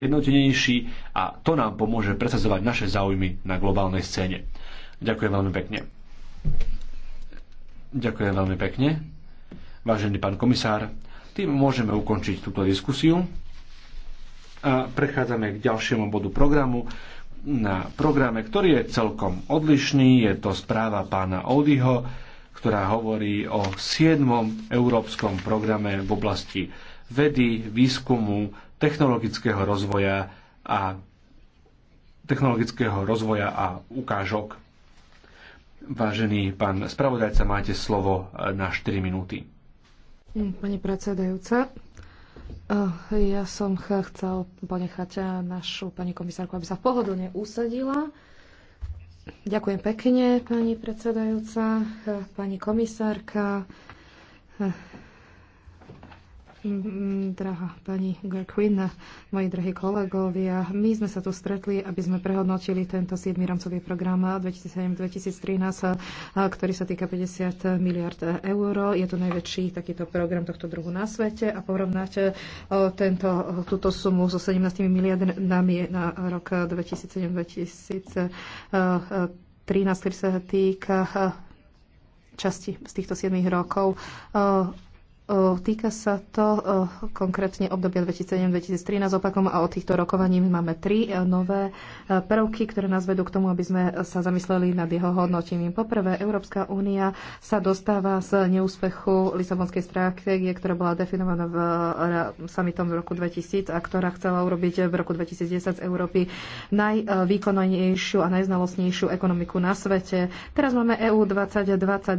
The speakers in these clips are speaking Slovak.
jednotenejší a to nám pomôže presadzovať naše záujmy na globálnej scéne. Ďakujem veľmi pekne. Ďakujem veľmi pekne. Vážený pán komisár, tým môžeme ukončiť túto diskusiu a prechádzame k ďalšiemu bodu programu. Na programe, ktorý je celkom odlišný, je to správa pána Odiho, ktorá hovorí o 7. európskom programe v oblasti vedy, výskumu, technologického rozvoja a technologického rozvoja a ukážok. Vážený pán spravodajca, máte slovo na 4 minúty. Pani predsedajúca, eh, ja som chcel ponechať eh, našu pani komisárku, aby sa pohodlne usadila. Ďakujem pekne, pani predsedajúca, eh, pani komisárka. Mm, drahá pani Gerquin, moji drahí kolegovia, my sme sa tu stretli, aby sme prehodnotili tento 7. rámcový program 2007-2013, ktorý sa týka 50 miliard eur. Je to najväčší takýto program tohto druhu na svete a porovnať e, tento, túto sumu so 17 miliardami na rok 2007-2013, ktorý sa týka e, časti z týchto 7 rokov e, Týka sa to konkrétne obdobia 2007-2013. Opakom a od týchto rokovaní my máme tri e, nové e, prvky, ktoré nás vedú k tomu, aby sme sa zamysleli nad jeho hodnotením. Poprvé, Európska únia sa dostáva z neúspechu Lisabonskej stratégie, ktorá bola definovaná v e, samitom v roku 2000 a ktorá chcela urobiť v roku 2010 z Európy najvýkonnejšiu a najznalostnejšiu ekonomiku na svete. Teraz máme EU 2022,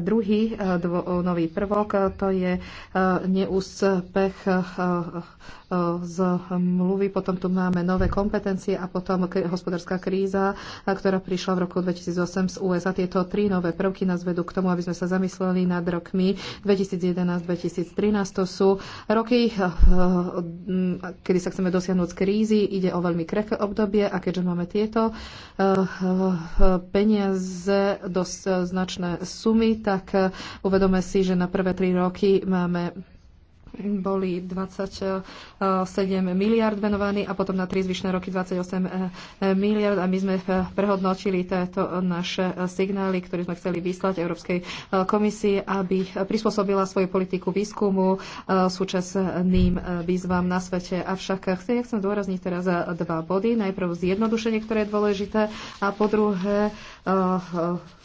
nový prvok, to je neúspech eh, eh, z mluvy, potom tu máme nové kompetencie a potom hospodárska kríza, eh, ktorá prišla v roku 2008 z USA. Tieto tri nové prvky nás vedú k tomu, aby sme sa zamysleli nad rokmi 2011-2013. To sú roky, kedy sa chceme dosiahnuť z krízy. Ide o veľmi krehké obdobie a keďže máme tieto peniaze, dosť značné sumy, tak uvedome si, že na prvé tri roky máme boli 27 miliard venovaní a potom na tri zvyšné roky 28 eh, eh, miliard a my sme eh, prehodnotili tieto naše signály, ktoré sme chceli vyslať Európskej komisii, aby prispôsobila svoju politiku výskumu súčasným výzvam na svete. Avšak chcem, ja chcem dôrazniť teraz dva body. Najprv zjednodušenie, ktoré je dôležité a po druhé Eh,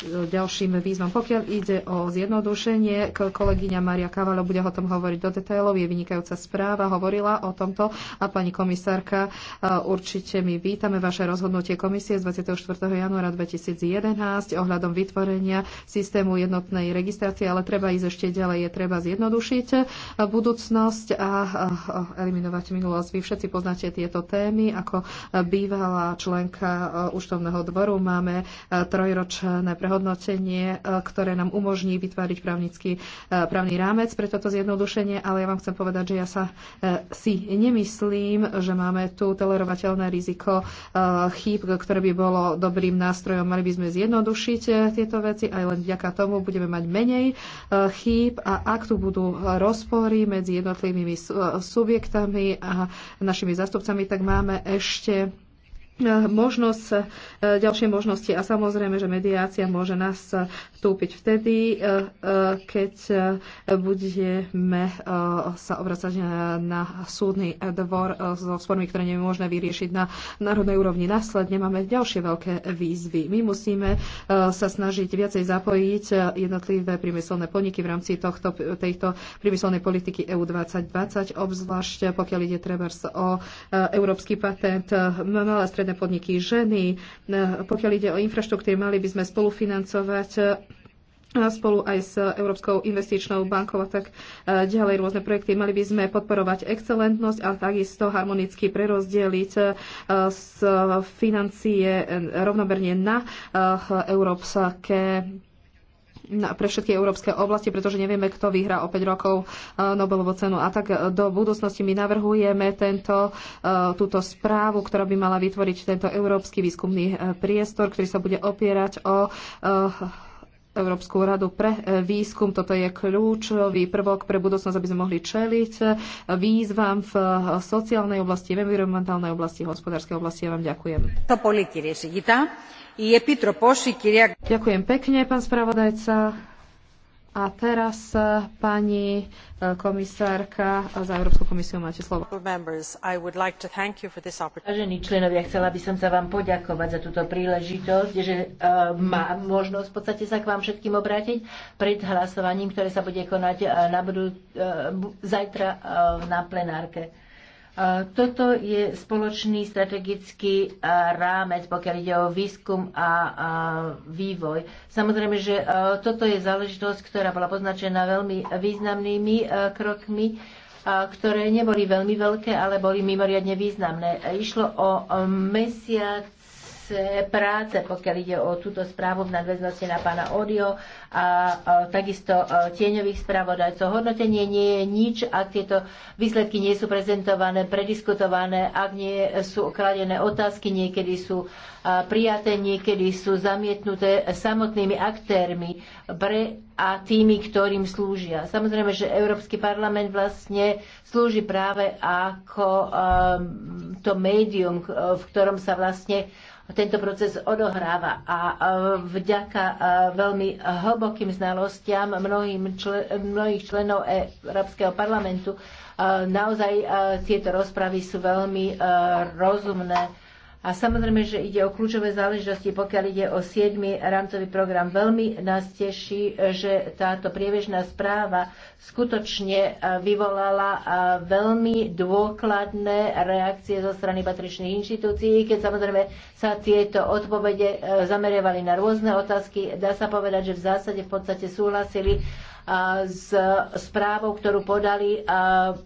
ďalším výzvam. Pokiaľ ide o zjednodušenie, kolegyňa Maria Kavala bude o tom hovoriť do detailov, je vynikajúca správa, hovorila o tomto a pani komisárka, eh, určite my vítame vaše rozhodnutie komisie z 24. januára 2011 ohľadom vytvorenia systému jednotnej registrácie, ale treba ísť ešte ďalej, je treba zjednodušiť eh, budúcnosť a eliminovať minulosť. Vy všetci poznáte tieto témy, ako bývalá členka účtovného dvoru máme trojročné prehodnotenie, e, ktoré nám umožní vytváriť právnický, e, právny rámec pre toto zjednodušenie, ale ja vám chcem povedať, že ja sa e, si nemyslím, že máme tu tolerovateľné riziko chýb, ktoré by bolo dobrým nástrojom. Mali by sme zjednodušiť tieto veci, aj len vďaka tomu budeme mať menej chýb a ak tu budú rozpory medzi jednotlivými subjektami a našimi zastupcami, tak máme ešte Eh, možnosť, eh, ďalšie možnosti a samozrejme, že mediácia môže nás vstúpiť eh, vtedy, keď budeme sa obracať na súdny dvor so spormi, ktoré nie je možné vyriešiť na národnej úrovni. Následne máme ďalšie veľké výzvy. My musíme sa snažiť viacej zapojiť jednotlivé priemyselné podniky v rámci tohto, tejto priemyselnej politiky EU 2020, obzvlášť pokiaľ ide treba o európsky patent. Malé stredné podniky, ženy. E, pokiaľ ide o infraštruktúry, mali by sme spolufinancovať e, spolu aj s Európskou investičnou bankou a tak e, ďalej rôzne projekty. Mali by sme podporovať excelentnosť a takisto harmonicky prerozdeliť z financie rovnomerne na európske pre všetky európske oblasti, pretože nevieme, kto vyhrá o 5 rokov e, Nobelovú cenu. A tak e, do budúcnosti my navrhujeme tento, e, túto správu, ktorá by mala vytvoriť tento európsky výskumný priestor, ktorý sa bude opierať o Európsku radu pre výskum. Toto je kľúčový prvok pre budúcnosť, aby sme mohli čeliť výzvam v sociálnej oblasti, v environmentálnej oblasti, hospodárskej oblasti. Ja vám ďakujem. Ďakujem pekne, pán spravodajca. A teraz e, pani e, komisárka za Európsku komisiu máte slovo. Vážení členovia, chcela by som sa vám poďakovať za túto príležitosť, že uh, e, mám možnosť v podstate sa k vám všetkým obrátiť pred hlasovaním, ktoré sa bude konať uh, na budú, uh, zajtra uh, na plenárke. E, toto je spoločný strategický e, rámec, pokiaľ ide o výskum a vývoj. Samozrejme, že e, toto je záležitosť, ktorá bola poznačená veľmi významnými krokmi, ktoré neboli veľmi veľké, ale boli mimoriadne významné. Išlo o mesiac práce, práce, pokiaľ ide o túto správu v nadväznosti na pána Odio a takisto e, tieňových spravodajcov. Hodnotenie nie je nič, ak tieto výsledky nie sú prezentované, prediskutované, ak nie sú kladené otázky, niekedy sú e, prijaté, niekedy sú zamietnuté samotnými aktérmi pre a tými, ktorým slúžia. Samozrejme, že Európsky parlament vlastne slúži práve ako um, to médium, v ktorom sa vlastne tento proces odohráva a e, vďaka e, veľmi hlbokým znalostiam mnohým člen, mnohých členov e, Európskeho parlamentu naozaj tieto rozpravy sú veľmi rozumné a samozrejme, že ide o kľúčové záležitosti, pokiaľ ide o 7. rámcový program. Veľmi nás teší, že táto priebežná správa skutočne e, vyvolala e, veľmi dôkladné reakcie zo strany patričných inštitúcií, keď samozrejme sa tieto odpovede e, zameriavali na rôzne otázky. Dá sa povedať, že v zásade v podstate súhlasili s správou, ktorú podali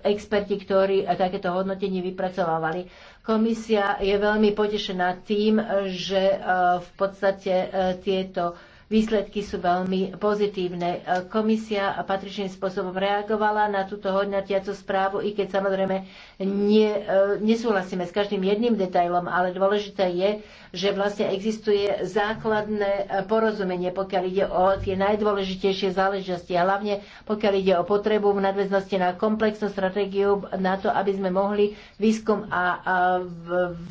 experti, ktorí takéto hodnotenie vypracovávali. Komisia je veľmi potešená tým, že eh, v podstate eh, tieto Výsledky sú veľmi pozitívne. E, Komisia patričným spôsobom reagovala na túto hodnotiacu správu, i keď samozrejme nie, e, nesúhlasíme s každým jedným detailom, ale dôležité je, že vlastne existuje základné porozumenie, pokiaľ ide o tie najdôležitejšie záležitosti a hlavne pokiaľ ide o potrebu v nadväznosti na komplexnú stratégiu na to, aby sme mohli výskum a, a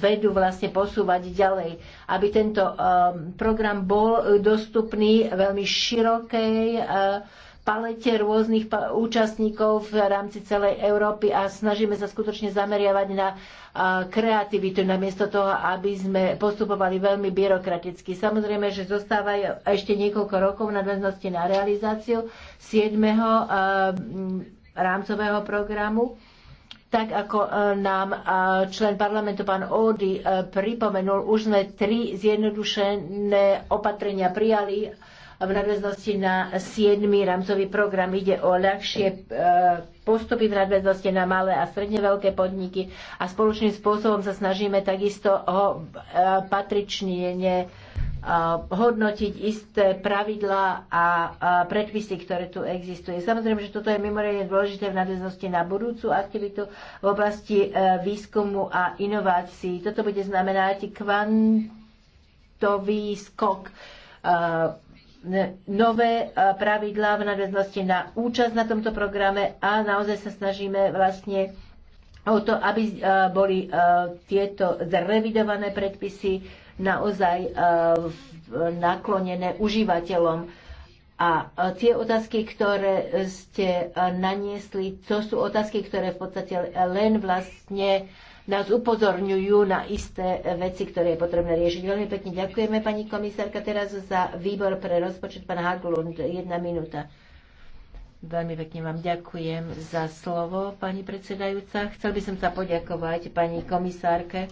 vedu vlastne posúvať ďalej aby tento ehm, program bol dostupný veľmi širokej eh, palete rôznych účastníkov v rámci celej Európy a snažíme sa skutočne zameriavať na eh, kreativitu, namiesto toho, aby sme postupovali veľmi byrokraticky. Samozrejme, že zostávajú ešte niekoľko rokov nadväznosti na realizáciu 7. Ehm, rámcového programu tak ako e, nám e, člen parlamentu pán Ody e, pripomenul, už sme tri zjednodušené opatrenia prijali v nadväznosti na 7. rámcový program. Ide o ľahšie postupy v nadväznosti na malé a stredne veľké podniky a spoločným spôsobom sa snažíme takisto ho patrične hodnotiť isté pravidlá a predpisy, ktoré tu existujú. Samozrejme, že toto je mimoriadne dôležité v nadväznosti na budúcu aktivitu v oblasti e, výskumu a inovácií. Toto bude znamenáť kvantový skok e, nové e, pravidlá v nadväznosti na účasť na tomto programe a naozaj sa snažíme vlastne o to, aby boli tieto zrevidované predpisy naozaj e, naklonené užívateľom. A e, tie otázky, ktoré ste e, naniesli, to sú otázky, ktoré v podstate len vlastne nás upozorňujú na isté veci, ktoré je potrebné riešiť. Veľmi pekne ďakujeme, pani komisárka, teraz za výbor pre rozpočet, pán Haglund, jedna minúta. Veľmi pekne vám ďakujem za slovo, pani predsedajúca. Chcel by som sa poďakovať pani komisárke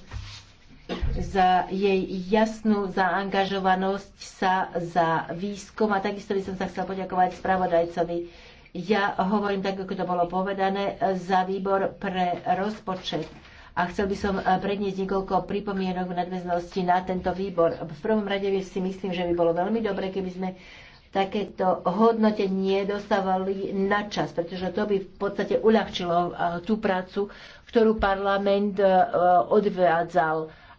za jej jasnú zaangažovanosť sa za výskum a takisto by som sa chcela poďakovať spravodajcovi. Ja hovorím tak, ako to bolo povedané, za výbor pre rozpočet. A chcel by som eh, predniesť niekoľko pripomienok v nadväznosti na tento výbor. V prvom rade si myslím, že by bolo veľmi dobre, keby sme takéto hodnotenie dostávali na čas, pretože to by v podstate uľahčilo eh, tú prácu, ktorú parlament eh, odvádzal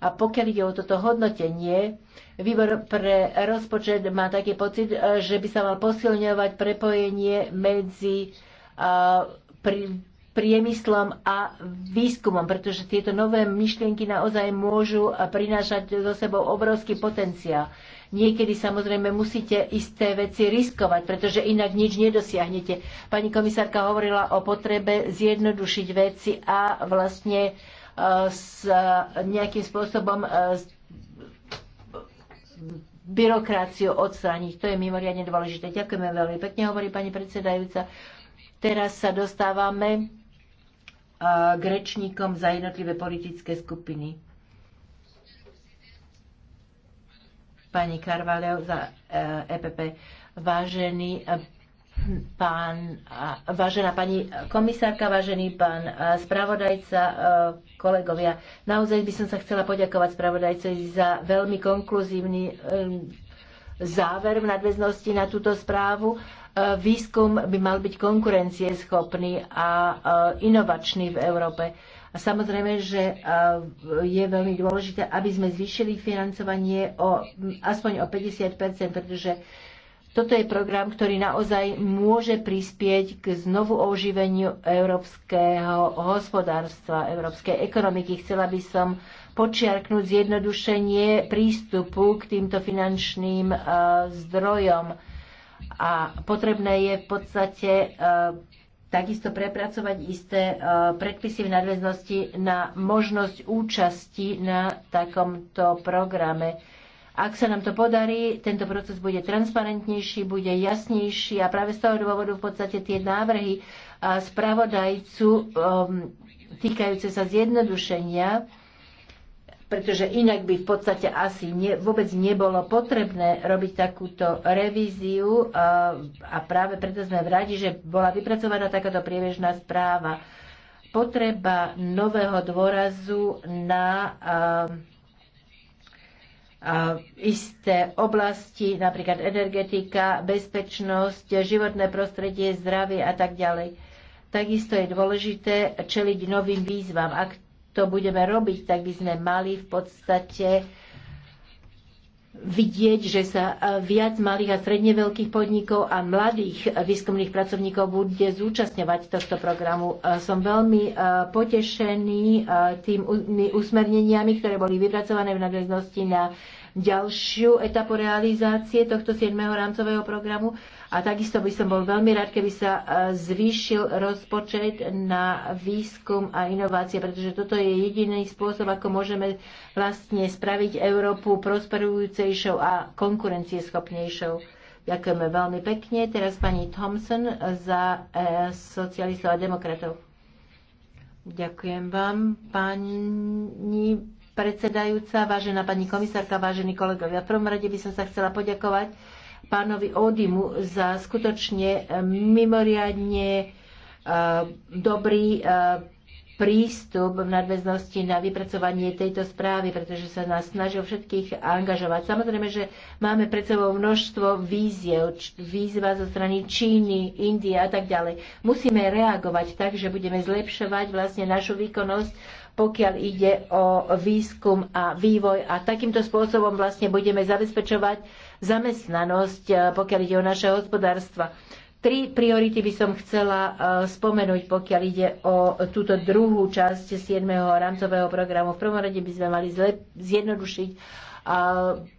a pokiaľ ide o toto hodnotenie, výbor pre rozpočet má taký pocit, e, že by sa mal posilňovať prepojenie medzi e, priemyslom a výskumom, pretože tieto nové myšlienky naozaj môžu prinášať so sebou obrovský potenciál. Niekedy samozrejme musíte isté veci riskovať, pretože inak nič nedosiahnete. Pani komisárka hovorila o potrebe zjednodušiť veci a vlastne uh, s nejakým spôsobom e, byrokraciu odstrániť. To je mimoriadne dôležité. Ďakujeme veľmi pekne, hovorí pani predsedajúca. Teraz sa dostávame e, k rečníkom za jednotlivé politické skupiny. Pani Karvaleo za EPP. E Vážený pán, vážená pani komisárka, vážený pán spravodajca, kolegovia. Naozaj by som sa chcela poďakovať spravodajcovi za veľmi konkluzívny um, záver v nadväznosti na túto správu. Výskum by mal byť konkurencieschopný a inovačný v Európe. A samozrejme, že je veľmi dôležité, aby sme zvýšili financovanie o, aspoň o 50 pretože toto je program, ktorý naozaj môže prispieť k znovu oživeniu európskeho hospodárstva, európskej ekonomiky. Chcela by som počiarknúť zjednodušenie prístupu k týmto finančným e, zdrojom. A potrebné je v podstate e, takisto prepracovať isté e, predpisy v nadväznosti na možnosť účasti na takomto programe ak sa nám to podarí, tento proces bude transparentnejší, bude jasnejší a práve z toho dôvodu v podstate tie návrhy spravodajcu um, týkajúce sa zjednodušenia pretože inak by v podstate asi ne, vôbec nebolo potrebné robiť takúto revíziu a, a práve preto sme v radi, že bola vypracovaná takáto priebežná správa. Potreba nového dôrazu na a, isté oblasti, napríklad energetika, bezpečnosť, životné prostredie, zdravie a tak ďalej. Takisto je dôležité čeliť novým výzvam. Ak to budeme robiť, tak by sme mali v podstate vidieť, že sa e, viac malých a stredne veľkých podnikov a mladých e, výskumných pracovníkov bude zúčastňovať tohto programu. E, som veľmi potešený tým usmerneniami, ktoré boli vypracované v nadväznosti na ďalšiu etapu realizácie tohto 7. rámcového programu a takisto by som bol veľmi rád, keby sa e, zvýšil rozpočet na výskum a inovácie, pretože toto je jediný spôsob, ako môžeme vlastne spraviť Európu prosperujúcejšou a konkurencieschopnejšou. Ďakujeme veľmi pekne. Teraz pani Thompson za e, socialistov a demokratov. Ďakujem vám, pani predsedajúca, vážená pani komisárka, vážení kolegovia. V prvom rade by som sa chcela poďakovať pánovi Odimu za skutočne mimoriadne e, dobrý e, prístup v nadväznosti na vypracovanie tejto správy, pretože sa nás snažil všetkých angažovať. Samozrejme, že máme pred sebou množstvo víziev, výzva zo strany Číny, Indie a tak ďalej. Musíme reagovať tak, že budeme zlepšovať vlastne našu výkonnosť pokiaľ ide o výskum a vývoj. A takýmto spôsobom vlastne budeme zabezpečovať zamestnanosť, e, pokiaľ ide o naše hospodárstva. Tri priority by som chcela e, spomenúť, pokiaľ ide o túto druhú časť 7. rámcového programu. V prvom rade by sme mali zjednodušiť e,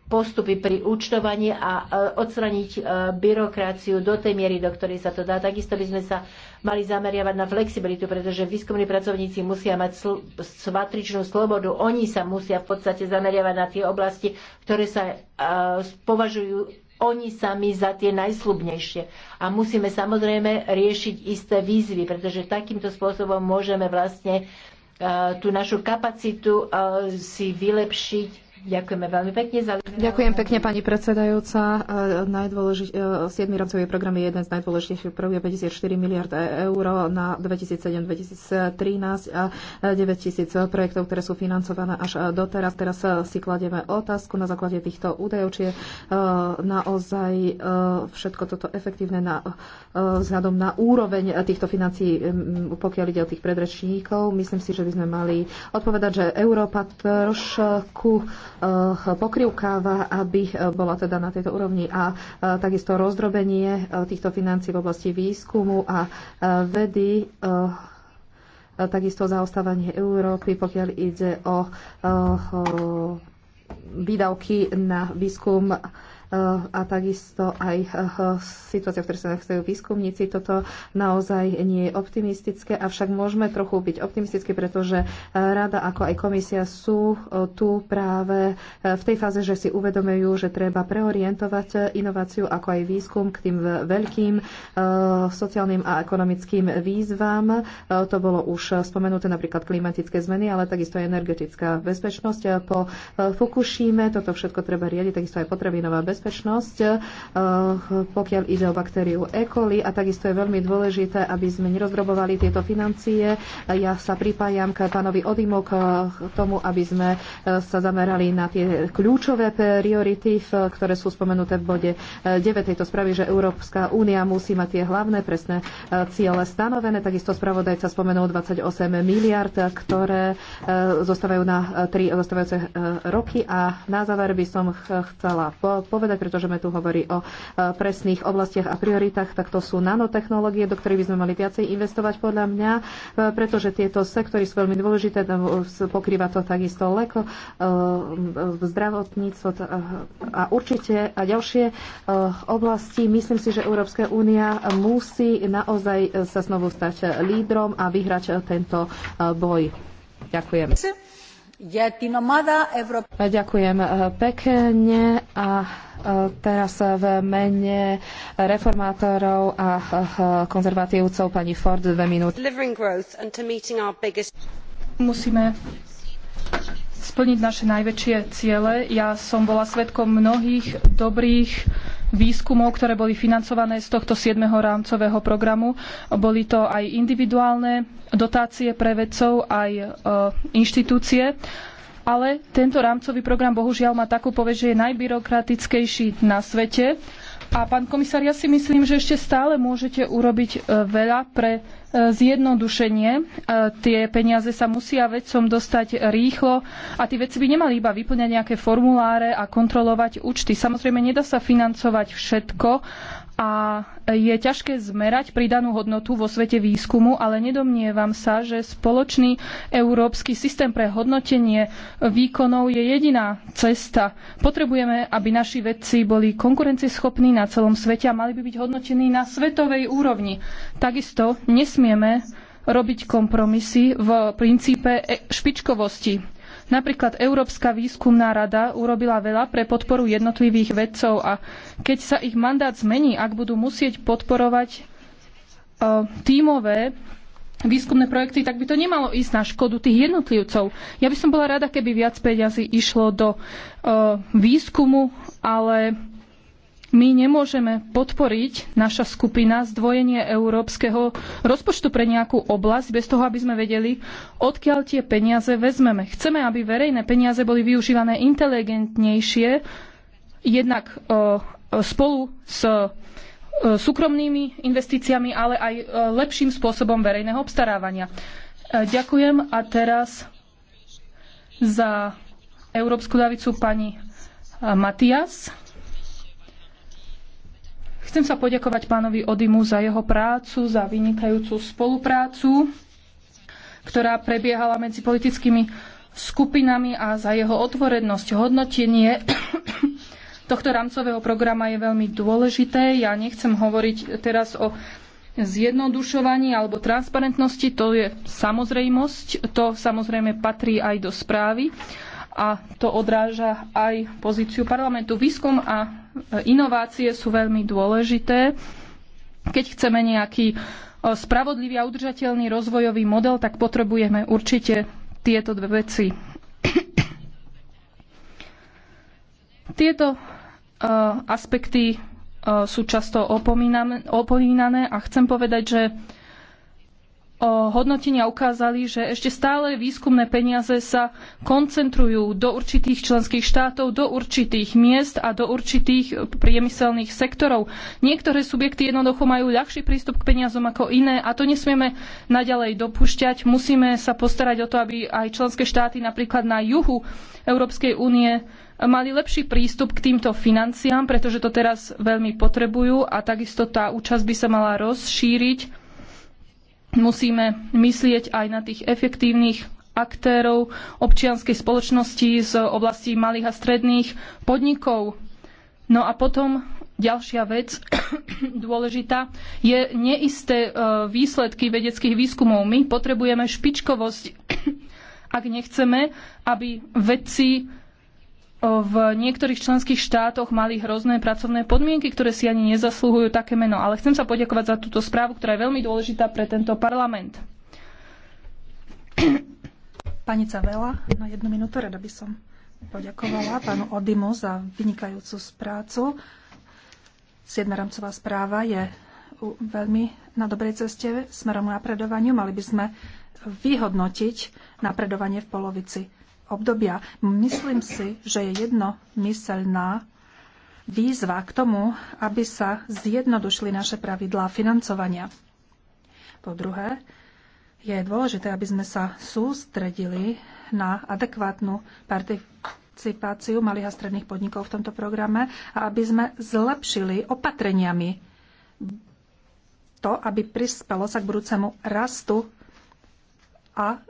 postupy pri účtovaní a odstraniť byrokraciu do tej miery, do ktorej sa to dá. Takisto by sme sa mali zameriavať na flexibilitu, pretože výskumní pracovníci musia mať sl- svatričnú slobodu. Oni sa musia v podstate zameriavať na tie oblasti, ktoré sa uh, považujú oni sami za tie najslubnejšie. A musíme samozrejme riešiť isté výzvy, pretože takýmto spôsobom môžeme vlastne e, tú našu kapacitu e, si vylepšiť Ďakujeme veľmi pekne za... Ďakujem pekne, pani predsedajúca. E, Najdôležit... 7. E, rámcový program je jeden z najdôležitejších prvých 54 miliard e, eur na 2007-2013 a 9000 projektov, ktoré sú financované až doteraz. Teraz si kladieme otázku na základe týchto údajov, či je naozaj všetko toto efektívne na, vzhľadom na úroveň týchto financií, pokiaľ ide o tých predrečníkov. Myslím si, že by sme mali odpovedať, že Európa trošku Eh, pokrivkáva, aby eh, bola teda na tejto úrovni a eh, takisto rozdrobenie týchto financí v oblasti výskumu a vedy takisto zaostávanie Európy, pokiaľ ide o, o výdavky na výskum Eh, a takisto aj eh, situácia, v ktorej sa nachádzajú výskumníci. Toto naozaj nie je optimistické, avšak môžeme trochu byť optimistickí, pretože eh, rada ako aj komisia sú tu práve v tej fáze, že si uvedomujú, že treba preorientovať inováciu ako aj výskum k tým veľkým sociálnym a ekonomickým výzvam. To bolo už spomenuté napríklad klimatické zmeny, ale takisto aj energetická bezpečnosť. Po Fukushime toto všetko treba riadiť, takisto aj potravinová bezpečnosť bezpečnosť, eh, pokiaľ ide o baktériu E. coli a takisto je veľmi dôležité, aby sme nerozdrobovali tieto financie. Ja sa pripájam k pánovi Odimu k tomu, aby sme eh, sa zamerali na tie kľúčové priority, ktoré sú spomenuté v bode 9 eh, tejto správy, že Európska únia musí mať tie hlavné presné ciele stanovené. Takisto spravodajca spomenul 28 miliard, ktoré zostávajú na tri zostávajúce roky. A na záver by som chcela povedať, povedať, pretože sme tu hovorí o e, presných oblastiach a prioritách, tak to sú nanotechnológie, do ktorých by sme mali viacej investovať podľa mňa, e, pretože tieto sektory sú veľmi dôležité, e, pokrýva to takisto leko, zdravotníctvo a určite a ďalšie oblasti. Myslím si, že Európska únia musí naozaj sa znovu stať lídrom a vyhrať tento boj. Ďakujem. Ďakujem pekne a E, teraz v mene reformátorov a konzervatívcov pani Ford dve minúty. Musíme splniť naše najväčšie ciele. Ja som bola svetkom mnohých dobrých výskumov, ktoré boli financované z tohto 7. rámcového programu. Boli to aj individuálne dotácie pre vedcov, aj e, inštitúcie ale tento rámcový program bohužiaľ má takú povesť, že je najbyrokratickejší na svete. A pán komisár, ja si myslím, že ešte stále môžete urobiť e, veľa pre e, zjednodušenie. E, tie peniaze sa musia vedcom dostať rýchlo a tí veci by nemali iba vyplňať nejaké formuláre a kontrolovať účty. Samozrejme, nedá sa financovať všetko a je ťažké zmerať pridanú hodnotu vo svete výskumu, ale nedomnievam sa, že spoločný európsky systém pre hodnotenie výkonov je jediná cesta. Potrebujeme, aby naši vedci boli konkurencieschopní na celom svete a mali by byť hodnotení na svetovej úrovni. Takisto nesmieme robiť kompromisy v princípe špičkovosti Napríklad Európska výskumná rada urobila veľa pre podporu jednotlivých vedcov a keď sa ich mandát zmení, ak budú musieť podporovať e, tímové výskumné projekty, tak by to nemalo ísť na škodu tých jednotlivcov. Ja by som bola rada, keby viac peňazí išlo do e, výskumu, ale my nemôžeme podporiť, naša skupina, zdvojenie európskeho rozpočtu pre nejakú oblasť bez toho, aby sme vedeli, odkiaľ tie peniaze vezmeme. Chceme, aby verejné peniaze boli využívané inteligentnejšie, jednak e, spolu s e, súkromnými investíciami, ale aj e, lepším spôsobom verejného obstarávania. Ďakujem a teraz za Európsku davicu pani Matias. Chcem sa poďakovať pánovi Odimu za jeho prácu, za vynikajúcu spoluprácu, ktorá prebiehala medzi politickými skupinami a za jeho otvorenosť. Hodnotenie tohto rámcového programa je veľmi dôležité. Ja nechcem hovoriť teraz o zjednodušovaní alebo transparentnosti, to je samozrejmosť, to samozrejme patrí aj do správy a to odráža aj pozíciu parlamentu. Výskum a e, inovácie sú veľmi dôležité. Keď chceme nejaký e, spravodlivý a udržateľný rozvojový model, tak potrebujeme určite tieto dve veci. Tieto e, aspekty sú často opomínané a chcem povedať, že hodnotenia ukázali, že ešte stále výskumné peniaze sa koncentrujú do určitých členských štátov, do určitých miest a do určitých priemyselných sektorov. Niektoré subjekty jednoducho majú ľahší prístup k peniazom ako iné a to nesmieme naďalej dopúšťať. Musíme sa postarať o to, aby aj členské štáty napríklad na juhu Európskej únie mali lepší prístup k týmto financiám, pretože to teraz veľmi potrebujú a takisto tá účasť by sa mala rozšíriť musíme myslieť aj na tých efektívnych aktérov občianskej spoločnosti z oblasti malých a stredných podnikov. No a potom ďalšia vec dôležitá je neisté e, výsledky vedeckých výskumov. My potrebujeme špičkovosť, ak nechceme, aby vedci v niektorých členských štátoch mali hrozné pracovné podmienky, ktoré si ani nezaslúhujú také meno. Ale chcem sa poďakovať za túto správu, ktorá je veľmi dôležitá pre tento parlament. Pani Cavela, na jednu minútu rada by som poďakovala pánu Odimu za vynikajúcu prácu. Siedma rámcová správa je veľmi na dobrej ceste smerom k napredovaniu. Mali by sme vyhodnotiť napredovanie v polovici obdobia. Myslím si, že je jednomyselná výzva k tomu, aby sa zjednodušili naše pravidlá financovania. Po druhé, je dôležité, aby sme sa sústredili na adekvátnu participáciu malých a stredných podnikov v tomto programe a aby sme zlepšili opatreniami to, aby prispelo sa k budúcemu rastu a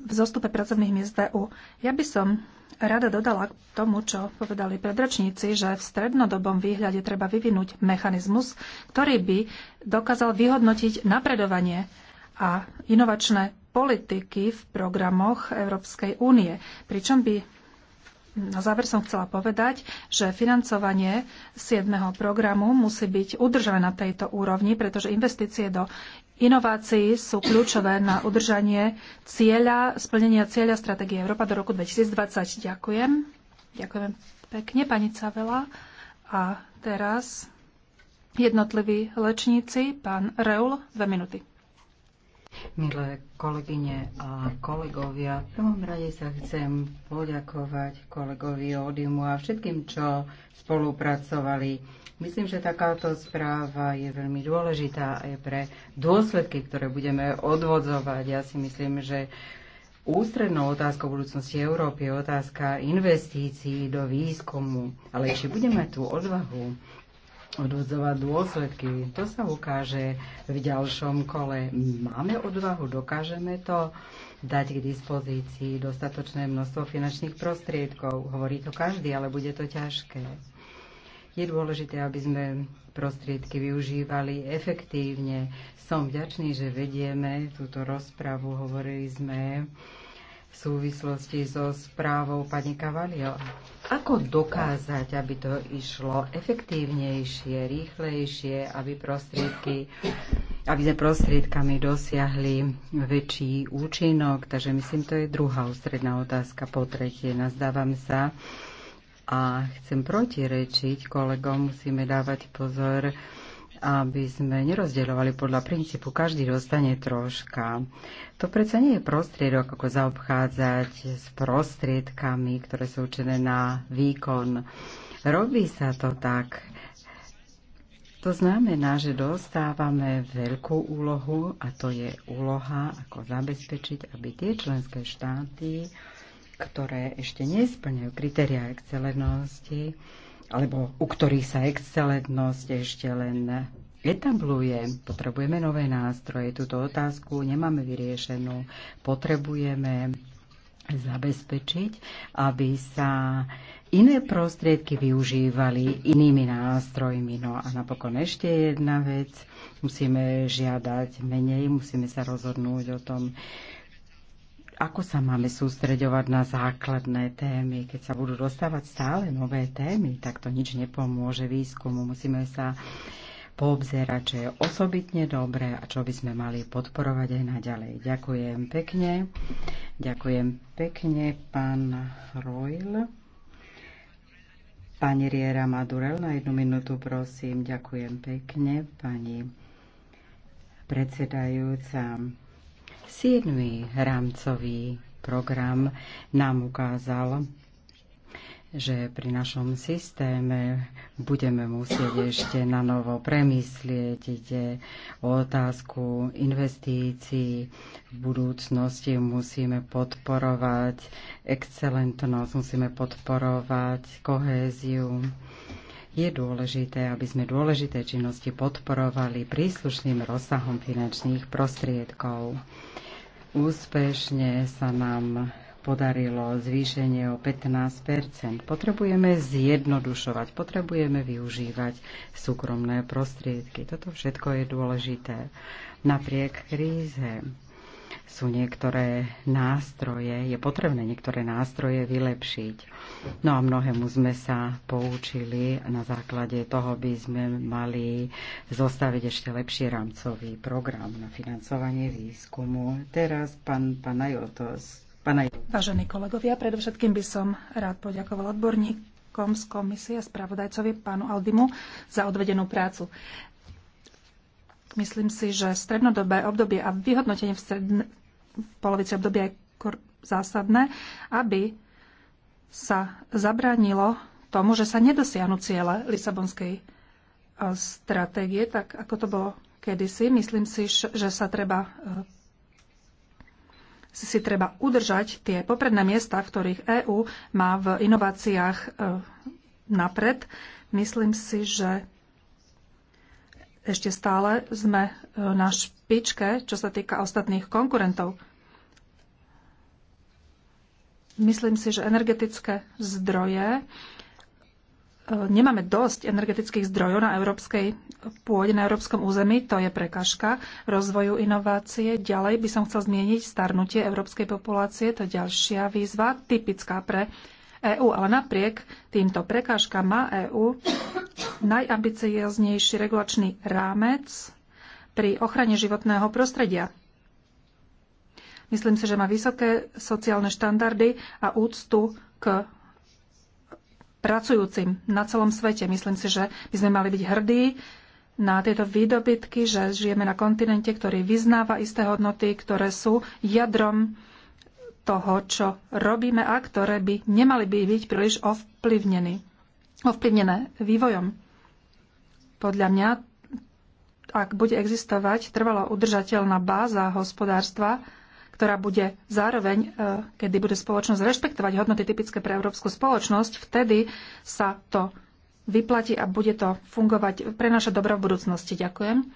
v zostupe pracovných miest EU. Ja by som rada dodala k tomu, čo povedali predračníci, že v strednodobom výhľade treba vyvinúť mechanizmus, ktorý by dokázal vyhodnotiť napredovanie a inovačné politiky v programoch Európskej únie. Pričom by na záver som chcela povedať, že financovanie 7. programu musí byť udržané na tejto úrovni, pretože investície do Inovácií sú kľúčové na udržanie cieľa, splnenia cieľa stratégie Európa do roku 2020. Ďakujem. Ďakujem pekne, pani Cavela. A teraz jednotliví lečníci, pán Reul, dve minúty. Milé kolegyne a kolegovia, v prvom rade sa chcem poďakovať kolegovi Odimu a všetkým, čo spolupracovali Myslím, že takáto správa je veľmi dôležitá aj pre dôsledky, ktoré budeme odvodzovať. Ja si myslím, že ústrednou otázkou budúcnosti Európy je otázka investícií do výskumu. Ale či budeme tú odvahu odvodzovať dôsledky, to sa ukáže v ďalšom kole. Máme odvahu, dokážeme to dať k dispozícii dostatočné množstvo finančných prostriedkov. Hovorí to každý, ale bude to ťažké. Je dôležité, aby sme prostriedky využívali efektívne. Som vďačný, že vedieme túto rozpravu. Hovorili sme v súvislosti so správou pani Kavalio. Ako dokázať, aby to išlo efektívnejšie, rýchlejšie, aby prostriedky aby sme prostriedkami dosiahli väčší účinok. Takže myslím, to je druhá ústredná otázka. Po tretie, nazdávam sa, a chcem protirečiť kolegom, musíme dávať pozor, aby sme nerozdeľovali podľa princípu každý dostane troška. To predsa nie je prostriedok, ako zaobchádzať s prostriedkami, ktoré sú určené na výkon. Robí sa to tak. To znamená, že dostávame veľkú úlohu a to je úloha, ako zabezpečiť, aby tie členské štáty, ktoré ešte nesplňajú kritéria excelentnosti, alebo u ktorých sa excelentnosť ešte len etabluje. Potrebujeme nové nástroje. Túto otázku nemáme vyriešenú. Potrebujeme zabezpečiť, aby sa iné prostriedky využívali inými nástrojmi. No a napokon ešte jedna vec. Musíme žiadať menej, musíme sa rozhodnúť o tom, ako sa máme sústreďovať na základné témy. Keď sa budú dostávať stále nové témy, tak to nič nepomôže výskumu. Musíme sa poobzerať, čo je osobitne dobré a čo by sme mali podporovať aj naďalej. Ďakujem pekne. Ďakujem pekne, pán Royl. Pani Riera Madurel, na jednu minútu prosím. Ďakujem pekne, pani predsedajúca Siedmy rámcový program nám ukázal, že pri našom systéme budeme musieť ešte na novo premyslieť. Ide o otázku investícií. V budúcnosti musíme podporovať excelentnosť, musíme podporovať kohéziu je dôležité, aby sme dôležité činnosti podporovali príslušným rozsahom finančných prostriedkov. Úspešne sa nám podarilo zvýšenie o 15 Potrebujeme zjednodušovať, potrebujeme využívať súkromné prostriedky. Toto všetko je dôležité. Napriek kríze sú niektoré nástroje, je potrebné niektoré nástroje vylepšiť. No a mnohému sme sa poučili a na základe toho by sme mali zostaviť ešte lepší rámcový program na financovanie výskumu. Teraz pán Panajotos. Pana... Vážení kolegovia, predovšetkým by som rád poďakoval odborníkom z komisie a spravodajcovi pánu Aldimu za odvedenú prácu. Myslím si, že strednodobé obdobie a vyhodnotenie v, stredn- polovici obdobia je zásadné, aby sa zabránilo tomu, že sa nedosiahnu ciele Lisabonskej e, stratégie, tak ako to bolo kedysi. Myslím si, že sa treba e, si treba udržať tie popredné miesta, v ktorých EÚ má v inováciách e, napred. Myslím si, že ešte stále sme e, na špičke, čo sa týka ostatných konkurentov. Myslím si, že energetické zdroje e, nemáme dosť energetických zdrojov na európskej pôde, na európskom území, to je prekažka rozvoju inovácie. Ďalej by som chcel zmieniť starnutie európskej populácie, to je ďalšia výzva, typická pre EÚ. Ale napriek týmto prekážkam má EÚ najambicioznejší regulačný rámec pri ochrane životného prostredia. Myslím si, že má vysoké sociálne štandardy a úctu k pracujúcim na celom svete. Myslím si, že by sme mali byť hrdí na tieto výdobytky, že žijeme na kontinente, ktorý vyznáva isté hodnoty, ktoré sú jadrom toho, čo robíme a ktoré by nemali by byť príliš ovplyvnené vývojom. Podľa mňa, ak bude existovať trvalo udržateľná báza hospodárstva, ktorá bude zároveň, e, kedy bude spoločnosť rešpektovať hodnoty typické pre európsku spoločnosť, vtedy sa to vyplatí a bude to fungovať pre naše dobro v budúcnosti. Ďakujem.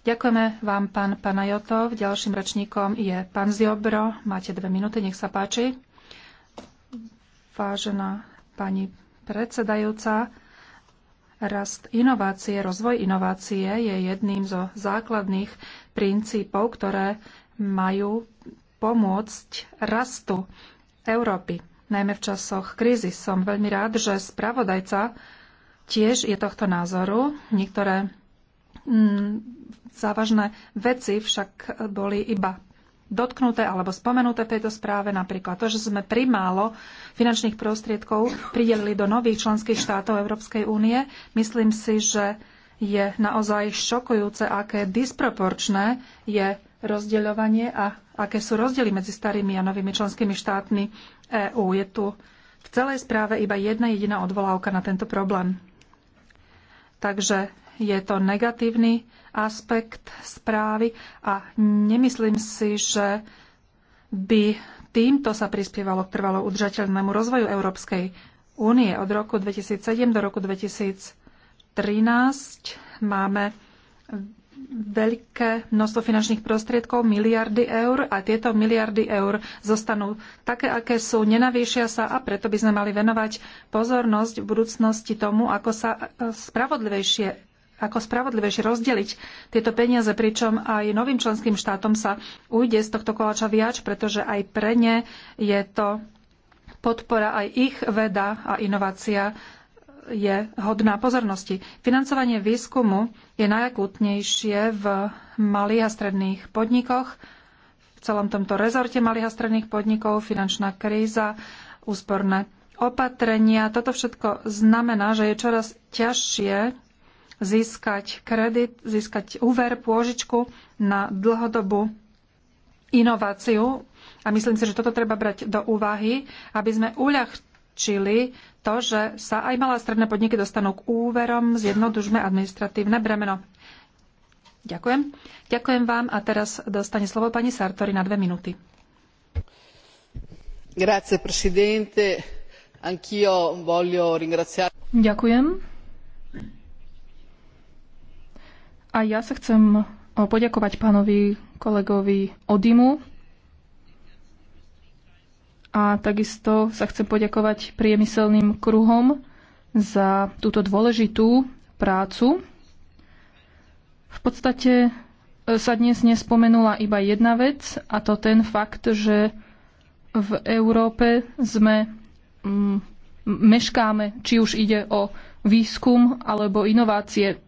Ďakujeme vám, pán Panajotov. Ďalším rečníkom je pán Ziobro. Máte dve minúty, nech sa páči. Vážená pani predsedajúca, rast inovácie, rozvoj inovácie je jedným zo základných princípov, ktoré majú pomôcť rastu Európy. Najmä v časoch krízy som veľmi rád, že spravodajca tiež je tohto názoru. Niektoré mm, Závažné veci však boli iba dotknuté alebo spomenuté v tejto správe, napríklad to, že sme primálo finančných prostriedkov pridelili do nových členských štátov Európskej únie. Myslím si, že je naozaj šokujúce, aké disproporčné je rozdeľovanie a aké sú rozdiely medzi starými a novými členskými štátmi EÚ. Je tu v celej správe iba jedna jediná odvolávka na tento problém. Takže je to negatívny aspekt správy a nemyslím si, že by týmto sa prispievalo k trvalo udržateľnému rozvoju Európskej únie. Od roku 2007 do roku 2013 máme veľké množstvo finančných prostriedkov, miliardy eur a tieto miliardy eur zostanú také, aké sú, nenavýšia sa a preto by sme mali venovať pozornosť v budúcnosti tomu, ako sa spravodlivejšie ako spravodlivejšie rozdeliť tieto peniaze, pričom aj novým členským štátom sa ujde z tohto koláča viac, pretože aj pre ne je to podpora, aj ich veda a inovácia je hodná pozornosti. Financovanie výskumu je najakútnejšie v malých a stredných podnikoch, v celom tomto rezorte malých a stredných podnikov, finančná kríza, úsporné opatrenia. Toto všetko znamená, že je čoraz ťažšie získať kredit, získať úver, pôžičku na dlhodobú inováciu. A myslím si, že toto treba brať do úvahy, aby sme uľahčili to, že sa aj malé stredné podniky dostanú k úverom, zjednodužme administratívne bremeno. Ďakujem. Ďakujem vám a teraz dostane slovo pani Sartori na dve minúty. Grazie, Ďakujem. A ja sa chcem eh, poďakovať pánovi kolegovi Odimu a takisto sa chcem poďakovať priemyselným kruhom za túto dôležitú prácu. V podstate eh, sa dnes nespomenula iba jedna vec a to ten fakt, že v Európe sme mm, meškáme, či už ide o výskum alebo inovácie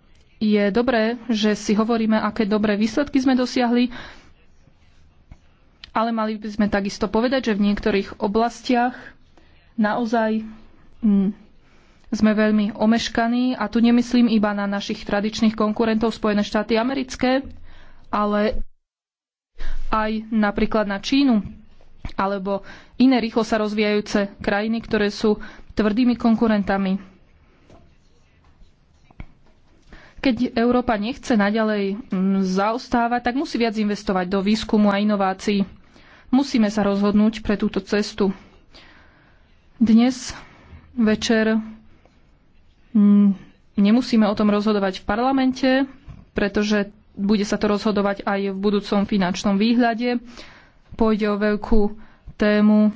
je dobré, že si hovoríme, aké dobré výsledky sme dosiahli, ale mali by sme takisto povedať, že v niektorých oblastiach naozaj mm, sme veľmi omeškaní a tu nemyslím iba na našich tradičných konkurentov Spojené štáty americké, ale aj napríklad na Čínu alebo iné rýchlo sa rozvíjajúce krajiny, ktoré sú tvrdými konkurentami. Keď Európa nechce naďalej mm, zaostávať, tak musí viac investovať do výskumu a inovácií. Musíme sa rozhodnúť pre túto cestu. Dnes večer mm, nemusíme o tom rozhodovať v parlamente, pretože bude sa to rozhodovať aj v budúcom finančnom výhľade. Pôjde o veľkú tému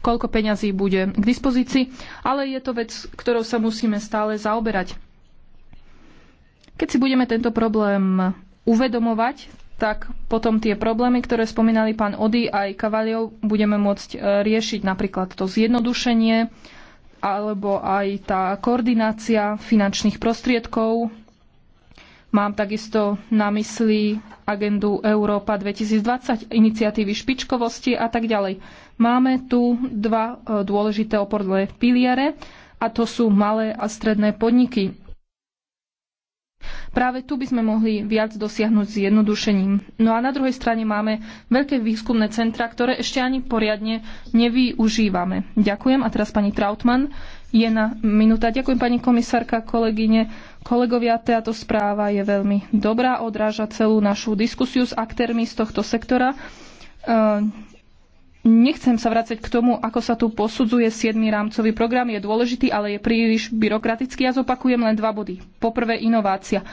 koľko peňazí bude k dispozícii, ale je to vec, ktorou sa musíme stále zaoberať. Keď si budeme tento problém uvedomovať, tak potom tie problémy, ktoré spomínali pán Ody aj Kavaliov, budeme môcť e, riešiť napríklad to zjednodušenie alebo aj tá koordinácia finančných prostriedkov. Mám takisto na mysli agendu Európa 2020, iniciatívy špičkovosti a tak ďalej. Máme tu dva e, dôležité oporné piliere a to sú malé a stredné podniky. Práve tu by sme mohli viac dosiahnuť s jednodušením. No a na druhej strane máme veľké výskumné centra, ktoré ešte ani poriadne nevyužívame. Ďakujem. A teraz pani Trautmann je na minúta. Ďakujem pani komisárka, kolegyne, kolegovia. Táto správa je veľmi dobrá, odráža celú našu diskusiu s aktérmi z tohto sektora. E, Nechcem sa vrácať k tomu, ako sa tu posudzuje 7. rámcový program. Je dôležitý, ale je príliš byrokratický. Ja zopakujem len dva body. Poprvé, inovácia.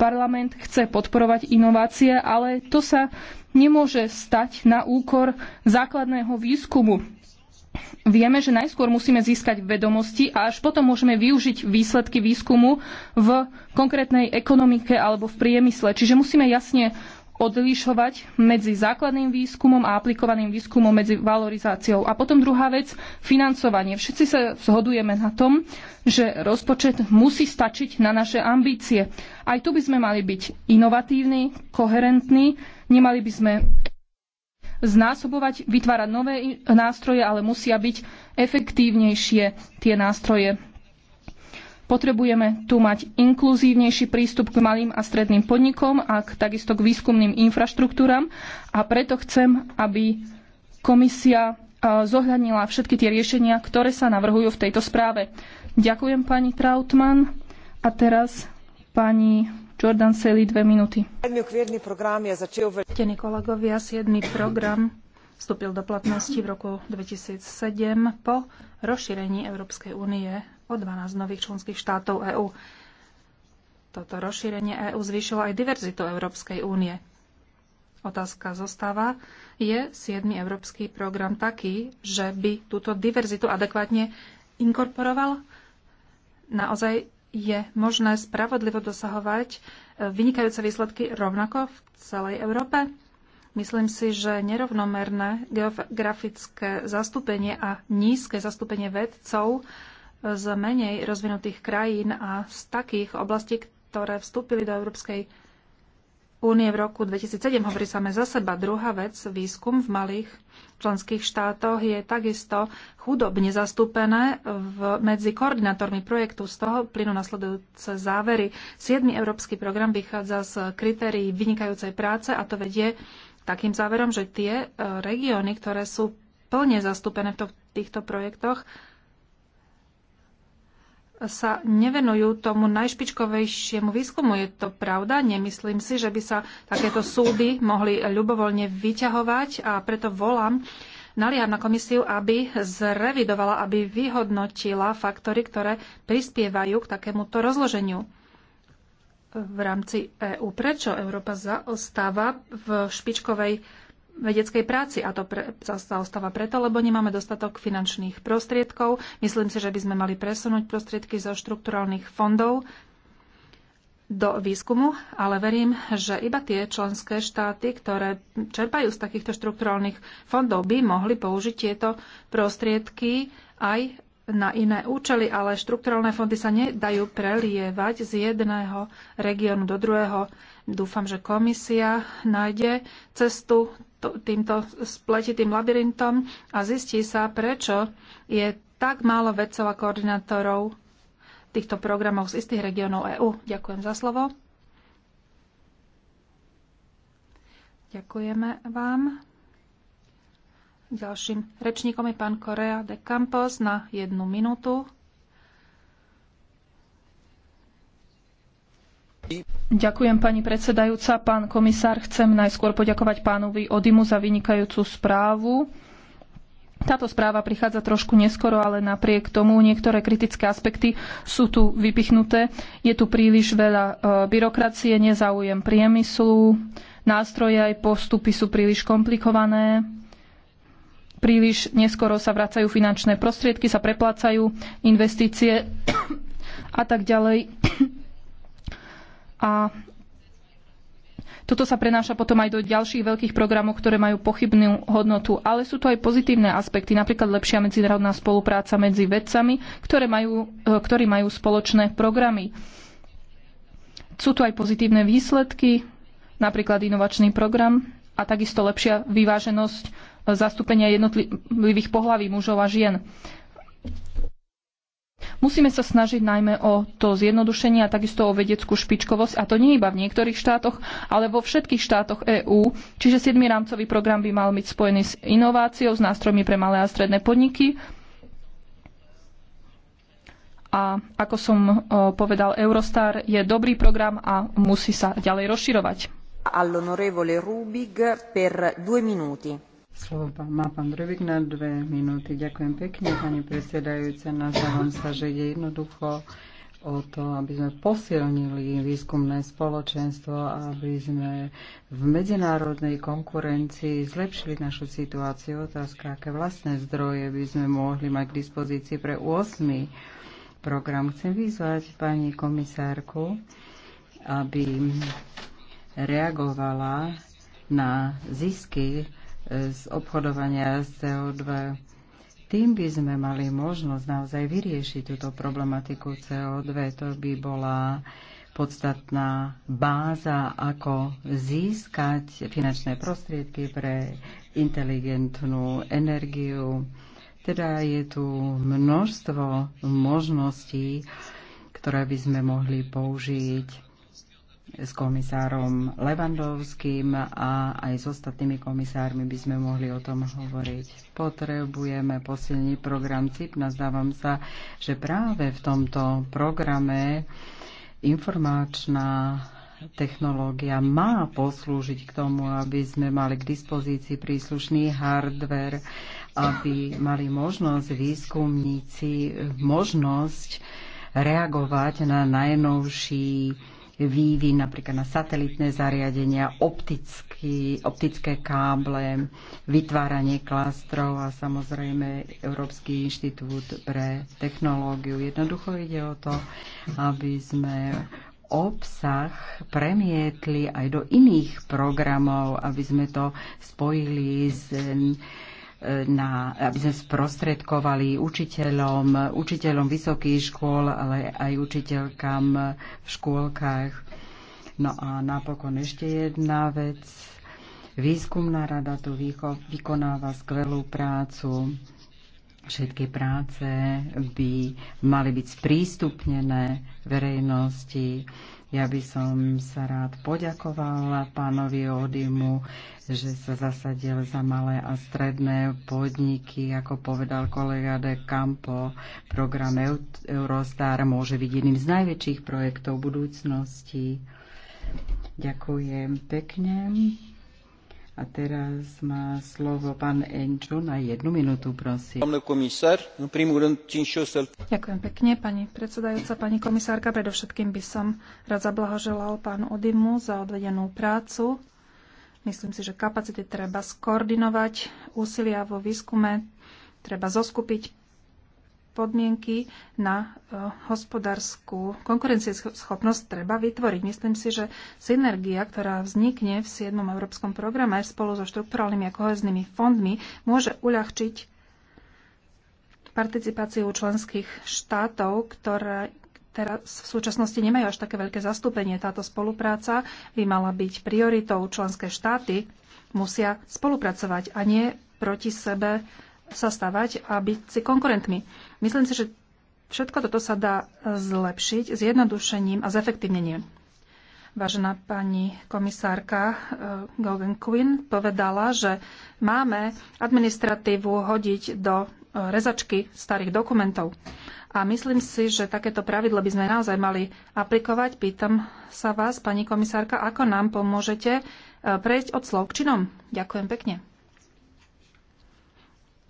Parlament chce podporovať inovácie, ale to sa nemôže stať na úkor základného výskumu. Vieme, že najskôr musíme získať vedomosti a až potom môžeme využiť výsledky výskumu v konkrétnej ekonomike alebo v priemysle. Čiže musíme jasne odlišovať medzi základným výskumom a aplikovaným výskumom medzi valorizáciou. A potom druhá vec, financovanie. Všetci sa zhodujeme na tom, že rozpočet musí stačiť na naše ambície. Aj tu by sme mali byť inovatívni, koherentní, nemali by sme znásobovať, vytvárať nové nástroje, ale musia byť efektívnejšie tie nástroje Potrebujeme tu mať inkluzívnejší prístup k malým a stredným podnikom a k, takisto k výskumným infraštruktúram a preto chcem, aby komisia e, zohľadnila všetky tie riešenia, ktoré sa navrhujú v tejto správe. Ďakujem pani Trautmann a teraz pani Jordan Sely dve minúty. Tení kolegovia, program vstúpil do platnosti v roku 2007 po rozšírení Európskej únie o 12 nových členských štátov EÚ. Toto rozšírenie EÚ zvýšilo aj diverzitu Európskej únie. Otázka zostáva, je 7. európsky program taký, že by túto diverzitu adekvátne inkorporoval? Naozaj je možné spravodlivo dosahovať e, vynikajúce výsledky rovnako v celej Európe? Myslím si, že nerovnomerné geografické zastúpenie a nízke zastúpenie vedcov z menej rozvinutých krajín a z takých oblastí, ktoré vstúpili do Európskej únie v roku 2007. Hovorí same za seba. Druhá vec, výskum v malých členských štátoch je takisto chudobne zastúpené v, medzi koordinátormi projektu. Z toho plynu nasledujúce závery. Siedmy európsky program vychádza z kritérií vynikajúcej práce a to vedie takým záverom, že tie e, regióny, ktoré sú plne zastúpené v týchto projektoch, sa nevenujú tomu najšpičkovejšiemu výskumu. Je to pravda? Nemyslím si, že by sa takéto súdy mohli ľubovoľne vyťahovať a preto volám naliad na komisiu, aby zrevidovala, aby vyhodnotila faktory, ktoré prispievajú k takémuto rozloženiu v rámci EÚ. Prečo Európa zaostáva v špičkovej vedeckej práci a to pre, ostáva preto, lebo nemáme dostatok finančných prostriedkov. Myslím si, že by sme mali presunúť prostriedky zo štrukturálnych fondov do výskumu, ale verím, že iba tie členské štáty, ktoré čerpajú z takýchto štrukturálnych fondov, by mohli použiť tieto prostriedky aj na iné účely, ale štrukturálne fondy sa nedajú prelievať z jedného regiónu do druhého. Dúfam, že komisia nájde cestu týmto spletitým labyrintom a zistí sa, prečo je tak málo vedcov a koordinátorov týchto programov z istých regiónov EÚ. Ďakujem za slovo. Ďakujeme vám. Ďalším rečníkom je pán Korea de Campos na jednu minútu. Ďakujem pani predsedajúca. Pán komisár, chcem najskôr poďakovať pánovi Odimu za vynikajúcu správu. Táto správa prichádza trošku neskoro, ale napriek tomu niektoré kritické aspekty sú tu vypichnuté. Je tu príliš veľa e, byrokracie, nezáujem priemyslu, nástroje aj postupy sú príliš komplikované, príliš neskoro sa vracajú finančné prostriedky, sa preplácajú investície a tak ďalej a toto sa prenáša potom aj do ďalších veľkých programov, ktoré majú pochybnú hodnotu. Ale sú to aj pozitívne aspekty, napríklad lepšia medzinárodná spolupráca medzi vedcami, ktoré majú, e, ktorí majú spoločné programy. Sú tu aj pozitívne výsledky, napríklad inovačný program a takisto lepšia vyváženosť e, zastúpenia jednotlivých pohlaví mužov a žien. Musíme sa snažiť najmä o to zjednodušenie a takisto o vedeckú špičkovosť, a to nie iba v niektorých štátoch, ale vo všetkých štátoch EÚ. Čiže 7. rámcový program by mal byť spojený s inováciou, s nástrojmi pre malé a stredné podniky, a ako som povedal, Eurostar je dobrý program a musí sa ďalej rozširovať. All'onorevole Rubig per due minuti. Slovo má pán na dve minúty. Ďakujem pekne, pani predsedajúca. Nazdávam sa, že je jednoducho o to, aby sme posilnili výskumné spoločenstvo, aby sme v medzinárodnej konkurencii zlepšili našu situáciu. Otázka, aké vlastné zdroje by sme mohli mať k dispozícii pre 8. program. Chcem vyzvať pani komisárku, aby reagovala na zisky z obchodovania s CO2. Tým by sme mali možnosť naozaj vyriešiť túto problematiku CO2. To by bola podstatná báza, ako získať finančné prostriedky pre inteligentnú energiu. Teda je tu množstvo možností, ktoré by sme mohli použiť s komisárom Levandovským a aj s ostatnými komisármi by sme mohli o tom hovoriť. Potrebujeme posilniť program CIP. Nazdávam sa, že práve v tomto programe informačná technológia má poslúžiť k tomu, aby sme mali k dispozícii príslušný hardware, aby mali možnosť výskumníci možnosť reagovať na najnovší vývin napríklad na satelitné zariadenia, optický, optické káble, vytváranie klastrov a samozrejme Európsky inštitút pre technológiu. Jednoducho ide o to, aby sme obsah premietli aj do iných programov, aby sme to spojili s na, aby sme sprostredkovali učiteľom, učiteľom vysokých škôl, ale aj učiteľkám v škôlkach. No a napokon ešte jedna vec. Výskumná rada tu vykonáva skvelú prácu Všetky práce by mali byť sprístupnené verejnosti. Ja by som sa rád poďakovala pánovi Odimu, že sa zasadil za malé a stredné podniky, ako povedal kolega De Campo. Program Eurostar môže byť jedným z najväčších projektov budúcnosti. Ďakujem pekne. A teraz má slovo pán Enču na jednu minútu, prosím. Ďakujem pekne, pani predsedajúca, pani komisárka. Predovšetkým by som rád zablahoželal pánu Odimu za odvedenú prácu. Myslím si, že kapacity treba skoordinovať, úsilia vo výskume treba zoskupiť, podmienky na e, hospodárskú konkurencieschopnosť treba vytvoriť. Myslím si, že synergia, ktorá vznikne v 7. európskom programe spolu so štrukturálnymi a koheznými fondmi, môže uľahčiť participáciu členských štátov, ktoré teraz v súčasnosti nemajú až také veľké zastúpenie. Táto spolupráca by mala byť prioritou. Členské štáty musia spolupracovať a nie proti sebe sa stavať a byť si konkurentmi. Myslím si, že všetko toto sa dá e, zlepšiť jednodušením a zefektívnením. Vážená pani komisárka e, Gogan Quinn povedala, že máme administratívu hodiť do e, rezačky starých dokumentov. A myslím si, že takéto pravidlo by sme naozaj mali aplikovať. Pýtam sa vás, pani komisárka, ako nám pomôžete prejsť od slov k činom. Ďakujem pekne.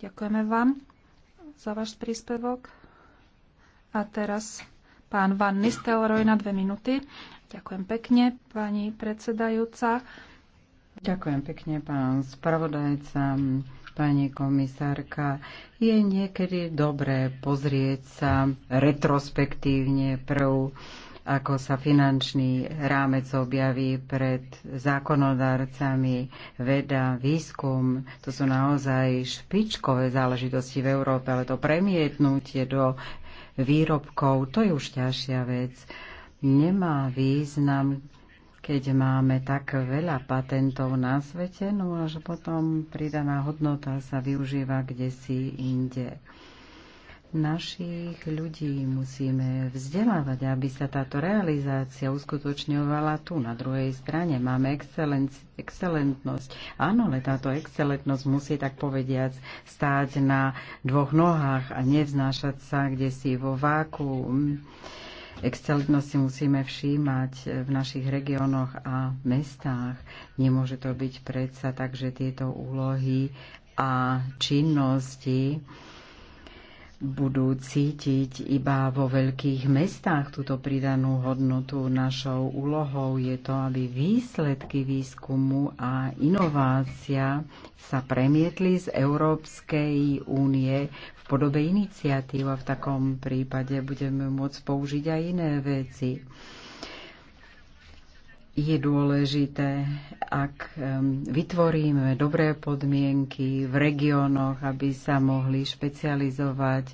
Ďakujeme vám za váš príspevok. A teraz pán Van Nistelrooy na dve minúty. Ďakujem pekne, pani predsedajúca. Ďakujem pekne, pán spravodajca, pani komisárka. Je niekedy dobré pozrieť sa retrospektívne prv ako sa finančný rámec objaví pred zákonodárcami, veda, výskum. To sú naozaj špičkové záležitosti v Európe, ale to premietnutie do výrobkov, to je už ťažšia vec. Nemá význam, keď máme tak veľa patentov na svete, no až potom pridaná hodnota sa využíva kde si inde našich ľudí musíme vzdelávať, aby sa táto realizácia uskutočňovala tu. Na druhej strane máme excelenc- excelentnosť. Áno, ale táto excelentnosť musí, tak povediac, stáť na dvoch nohách a nevznášať sa kde si vo váku. Excelentnosť si musíme všímať v našich regiónoch a mestách. Nemôže to byť predsa tak, že tieto úlohy a činnosti budú cítiť iba vo veľkých mestách túto pridanú hodnotu. Našou úlohou je to, aby výsledky výskumu a inovácia sa premietli z Európskej únie v podobe iniciatív a v takom prípade budeme môcť použiť aj iné veci je dôležité, ak vytvoríme dobré podmienky v regiónoch, aby sa mohli špecializovať.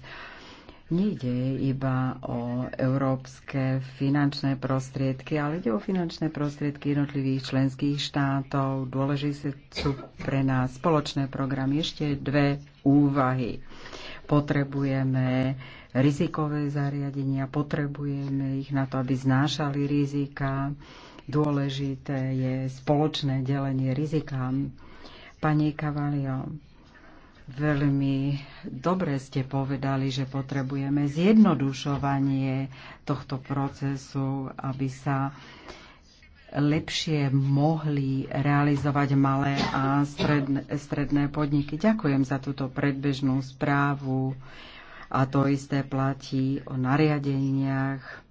Nejde iba o európske finančné prostriedky, ale ide o finančné prostriedky jednotlivých členských štátov. Dôležité sú pre nás spoločné programy. Ešte dve úvahy. Potrebujeme rizikové zariadenia, potrebujeme ich na to, aby znášali rizika Dôležité je spoločné delenie rizikám. Pani Kavalio. veľmi dobre ste povedali, že potrebujeme zjednodušovanie tohto procesu, aby sa lepšie mohli realizovať malé a stredné podniky. Ďakujem za túto predbežnú správu a to isté platí o nariadeniach.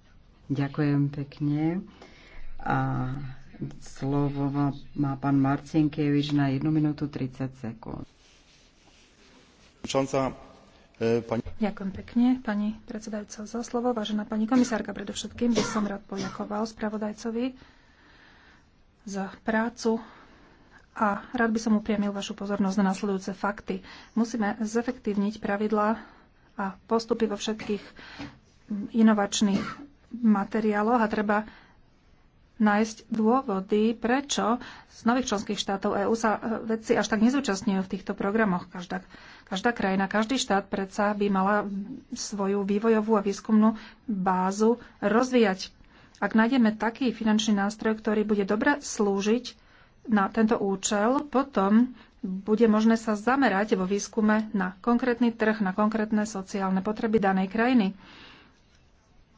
Ďakujem pekne. A slovo má pán Marcinkiewicz na 1 minútu 30 sekúnd. E, Ďakujem pekne, pani predsedajúca, za slovo. Vážená pani komisárka, predovšetkým by som rád poďakoval spravodajcovi za prácu a rád by som upriamil vašu pozornosť na nasledujúce fakty. Musíme zefektívniť pravidlá a postupy vo všetkých inovačných materiáloch a treba nájsť dôvody, prečo z nových členských štátov EÚ sa e, vedci až tak nezúčastňujú v týchto programoch. Každá, každá krajina, každý štát predsa by mala svoju vývojovú a výskumnú bázu rozvíjať. Ak nájdeme taký finančný nástroj, ktorý bude dobre slúžiť na tento účel, potom bude možné sa zamerať vo výskume na konkrétny trh, na konkrétne sociálne potreby danej krajiny.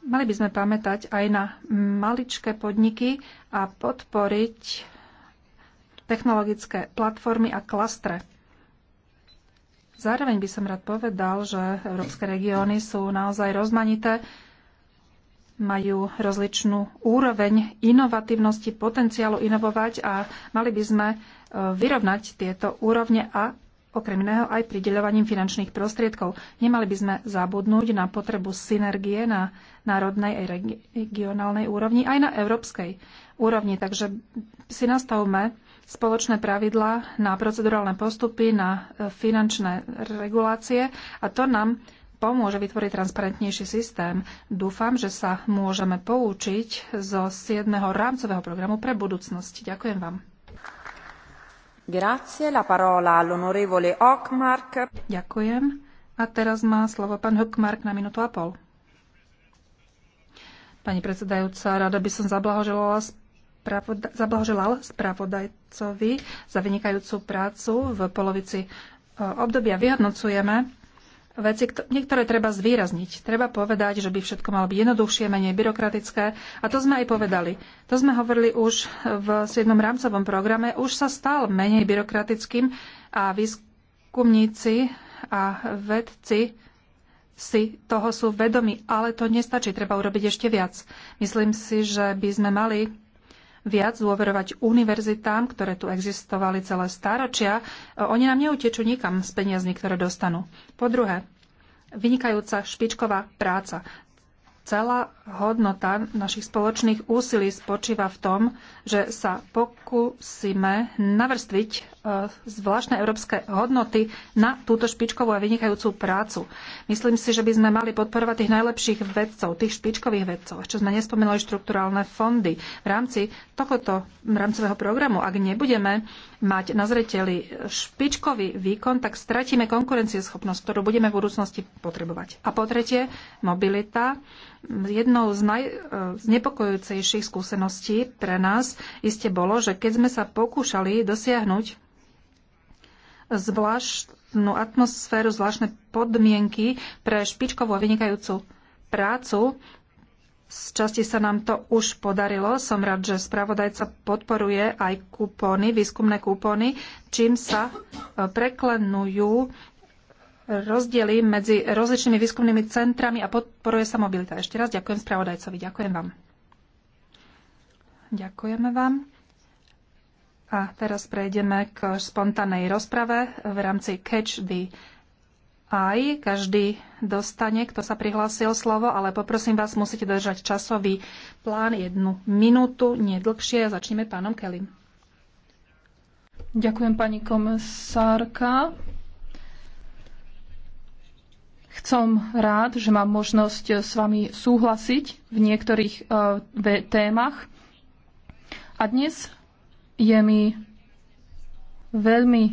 Mali by sme pamätať aj na maličké podniky a podporiť technologické platformy a klastre. Zároveň by som rád povedal, že európske regióny sú naozaj rozmanité, majú rozličnú úroveň inovatívnosti, potenciálu inovovať a mali by sme e, vyrovnať tieto úrovne a okrem iného aj prideľovaním finančných prostriedkov. Nemali by sme zabudnúť na potrebu synergie na národnej aj regionálnej úrovni, aj na európskej úrovni. Takže si nastavme spoločné pravidlá na procedurálne postupy, na e, finančné regulácie a to nám pomôže vytvoriť transparentnejší systém. Dúfam, že sa môžeme poučiť zo 7. rámcového programu pre budúcnosť. Ďakujem vám. Ďakujem. A teraz má slovo pán Hockmark na minútu a pol. Pani predsedajúca, rada by som zablahoželala spravoda- zablahoželal spravodajcovi za vynikajúcu prácu v polovici e, obdobia. Vyhodnocujeme veci, niektoré treba zvýrazniť. Treba povedať, že by všetko malo byť jednoduchšie, menej byrokratické. A to sme aj povedali. To sme hovorili už v 7. rámcovom programe. Už sa stal menej byrokratickým a výskumníci a vedci si toho sú vedomi, ale to nestačí, treba urobiť ešte viac. Myslím si, že by sme mali viac dôverovať univerzitám, ktoré tu existovali celé stáročia. Oni nám neutečú nikam s peniazmi, ktoré dostanú. Po druhé, vynikajúca špičková práca. Celá hodnota našich spoločných úsilí spočíva v tom, že sa pokúsime navrstviť E, zvláštne európske hodnoty na túto špičkovú a vynikajúcu prácu. Myslím si, že by sme mali podporovať tých najlepších vedcov, tých špičkových vedcov. čo sme nespomenuli štrukturálne fondy. V rámci tohoto rámcového programu, ak nebudeme mať na zreteli špičkový výkon, tak stratíme konkurencieschopnosť, ktorú budeme v budúcnosti potrebovať. A po tretie, mobilita. Jednou z najnepokojujúcejších e, skúseností pre nás iste bolo, že keď sme sa pokúšali dosiahnuť zvláštnu atmosféru, zvláštne podmienky pre špičkovú a vynikajúcu prácu. Z časti sa nám to už podarilo. Som rád, že spravodajca podporuje aj kupóny, výskumné kupóny, čím sa e, preklenujú rozdiely medzi rozličnými výskumnými centrami a podporuje sa mobilita. Ešte raz ďakujem spravodajcovi. Ďakujem vám. Ďakujeme vám. A teraz prejdeme k spontánej rozprave v rámci Catch the Eye. Každý dostane, kto sa prihlásil slovo, ale poprosím vás, musíte držať časový plán jednu minútu, nedlhšie. Začneme pánom Kelim. Ďakujem pani komisárka. Som rád, že mám možnosť s vami súhlasiť v niektorých uh, témach. A dnes je mi veľmi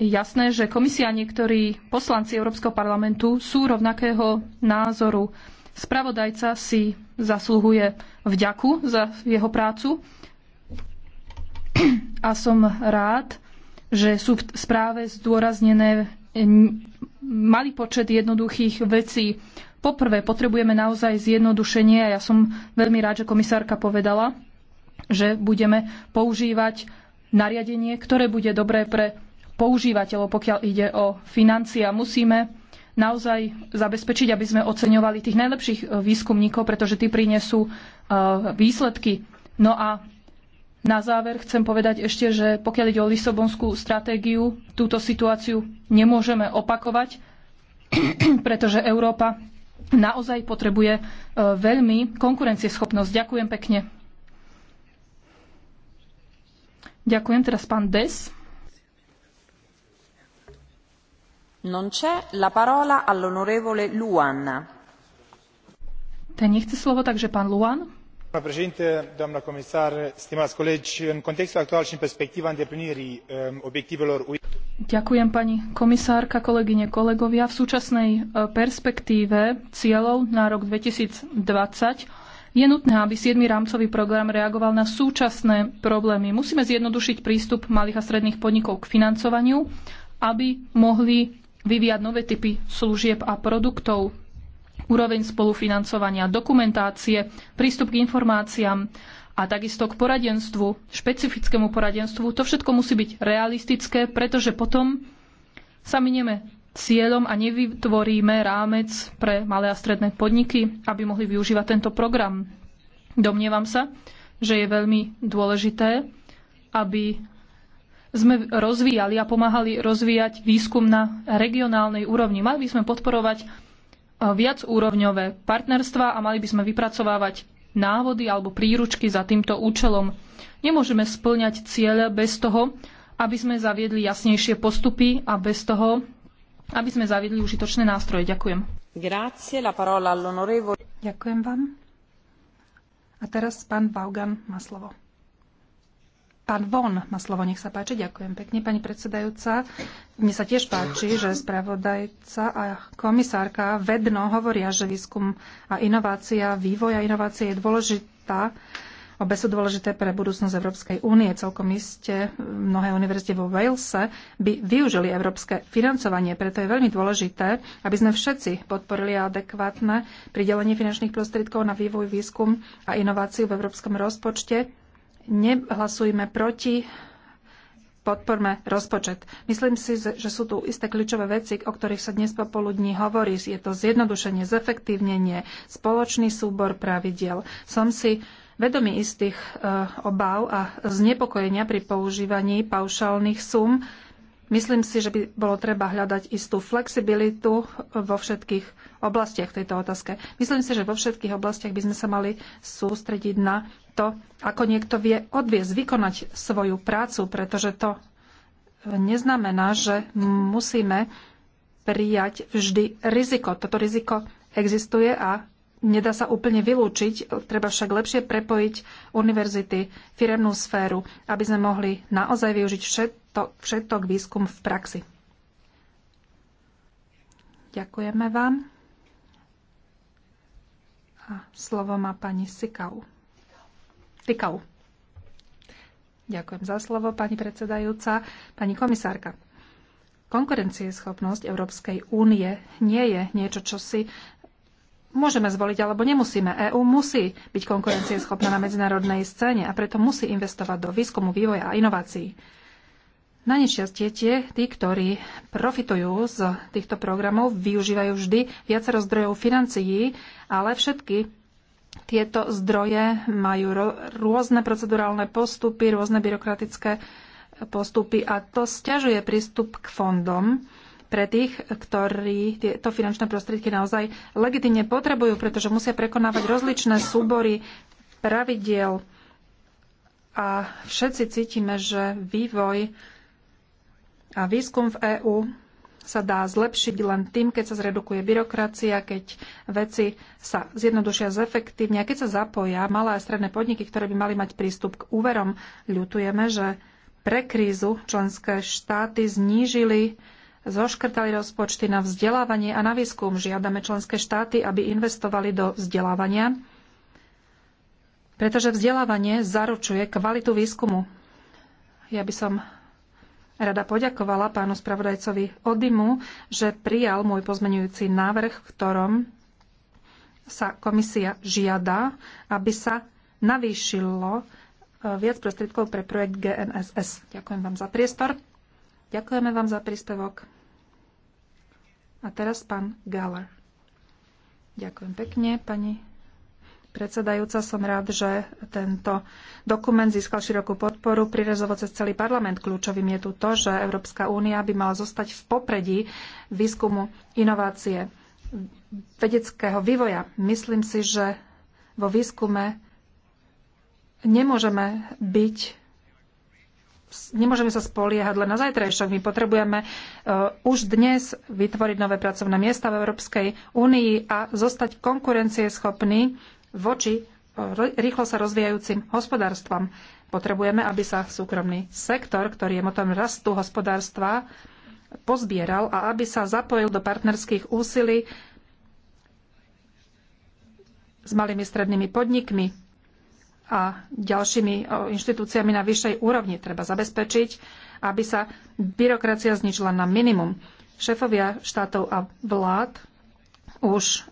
jasné, že komisia a niektorí poslanci Európskeho parlamentu sú rovnakého názoru. Spravodajca si zasluhuje vďaku za jeho prácu a som rád, že sú v správe zdôraznené malý počet jednoduchých vecí. Poprvé, potrebujeme naozaj zjednodušenie a ja som veľmi rád, že komisárka povedala, že budeme používať nariadenie, ktoré bude dobré pre používateľov, pokiaľ ide o financie. A musíme naozaj zabezpečiť, aby sme oceňovali tých najlepších e, výskumníkov, pretože tí prinesú e, výsledky. No a na záver chcem povedať ešte, že pokiaľ ide o Lisobonskú stratégiu, túto situáciu nemôžeme opakovať, pretože Európa naozaj potrebuje e, veľmi konkurencieschopnosť. Ďakujem pekne. Ďakujem teraz pán Des. Non c'è la parola all'onorevole Luan. Ten nechce slovo, takže pán Luan. Doamna președinte, doamna comisar, stimați colegi, în contextul actual și în perspectiva îndeplinirii um, obiectivelor UE... Ďakujem pani komisárka, kolegyne, kolegovia. V súčasnej e, perspektíve cieľov na rok 2020 je nutné, aby 7. rámcový program reagoval na súčasné problémy. Musíme zjednodušiť prístup malých a stredných podnikov k financovaniu, aby mohli vyvíjať nové typy služieb a produktov, úroveň spolufinancovania, dokumentácie, prístup k informáciám a takisto k poradenstvu, špecifickému poradenstvu. To všetko musí byť realistické, pretože potom sa minieme cieľom a nevytvoríme rámec pre malé a stredné podniky, aby mohli využívať tento program. Domnievam sa, že je veľmi dôležité, aby sme rozvíjali a pomáhali rozvíjať výskum na regionálnej úrovni. Mali by sme podporovať e, viac úrovňové partnerstva a mali by sme vypracovávať návody alebo príručky za týmto účelom. Nemôžeme splňať ciele bez toho, aby sme zaviedli jasnejšie postupy a bez toho, aby sme zaviedli užitočné nástroje. Ďakujem. Grazie, la parola all'onorevole. Ďakujem vám. A teraz pán Vaugan má slovo. Pán Von má slovo, nech sa páči. Ďakujem pekne, pani predsedajúca. Mne sa tiež páči, že spravodajca a komisárka vedno hovoria, že výskum a inovácia, vývoj a inovácie je dôležitá Obe sú dôležité pre budúcnosť Európskej únie. Celkom iste mnohé univerzity vo Walese by využili európske financovanie, preto je veľmi dôležité, aby sme všetci podporili adekvátne pridelenie finančných prostriedkov na vývoj, výskum a inováciu v európskom rozpočte. Nehlasujme proti podporme rozpočet. Myslím si, že sú tu isté kľúčové veci, o ktorých sa dnes popoludní hovorí. Je to zjednodušenie, zefektívnenie, spoločný súbor pravidiel. Som si vedomí istých e, obáv a znepokojenia pri používaní paušálnych sum, myslím si, že by bolo treba hľadať istú flexibilitu vo všetkých oblastiach tejto otázke. Myslím si, že vo všetkých oblastiach by sme sa mali sústrediť na to, ako niekto vie odviesť, vykonať svoju prácu, pretože to neznamená, že musíme prijať vždy riziko. Toto riziko existuje a nedá sa úplne vylúčiť, treba však lepšie prepojiť univerzity, firemnú sféru, aby sme mohli naozaj využiť všetok, všetok výskum v praxi. Ďakujeme vám. A slovo má pani Sikau. Tikau. Ďakujem za slovo, pani predsedajúca, pani komisárka. Konkurencieschopnosť Európskej únie nie je niečo, čo si Môžeme zvoliť alebo nemusíme. EÚ musí byť konkurencieschopná na medzinárodnej scéne a preto musí investovať do výskumu, vývoja a inovácií. Na nešťastie tie, tí, ktorí profitujú z týchto programov, využívajú vždy viacero zdrojov financií, ale všetky tieto zdroje majú rôzne procedurálne postupy, rôzne byrokratické postupy a to stiažuje prístup k fondom pre tých, ktorí tieto finančné prostriedky naozaj legitimne potrebujú, pretože musia prekonávať rozličné súbory pravidiel. A všetci cítime, že vývoj a výskum v EÚ sa dá zlepšiť len tým, keď sa zredukuje byrokracia, keď veci sa zjednodušia zefektívne a keď sa zapoja malé a stredné podniky, ktoré by mali mať prístup k úverom. Ľutujeme, že pre krízu členské štáty znížili zoškrtali rozpočty na vzdelávanie a na výskum. Žiadame členské štáty, aby investovali do vzdelávania, pretože vzdelávanie zaručuje kvalitu výskumu. Ja by som rada poďakovala pánu spravodajcovi Odimu, že prijal môj pozmenujúci návrh, v ktorom sa komisia žiada, aby sa navýšilo e, viac prostriedkov pre projekt GNSS. Ďakujem vám za priestor. Ďakujeme vám za príspevok. A teraz pán Galler. Ďakujem pekne, pani predsedajúca. Som rád, že tento dokument získal širokú podporu prirezovo cez celý parlament. Kľúčovým je tu to, že Európska únia by mala zostať v popredí výskumu inovácie vedeckého vývoja. Myslím si, že vo výskume nemôžeme byť nemôžeme sa spoliehať len na zajtrajšok. My potrebujeme uh, už dnes vytvoriť nové pracovné miesta v Európskej únii a zostať konkurencieschopný voči e, rýchlo sa rozvíjajúcim hospodárstvom. Potrebujeme, aby sa súkromný sektor, ktorý je motom rastu hospodárstva, pozbieral a aby sa zapojil do partnerských úsilí s malými strednými podnikmi, a ďalšími inštitúciami na vyššej úrovni. Treba zabezpečiť, aby sa byrokracia zničila na minimum. Šefovia štátov a vlád už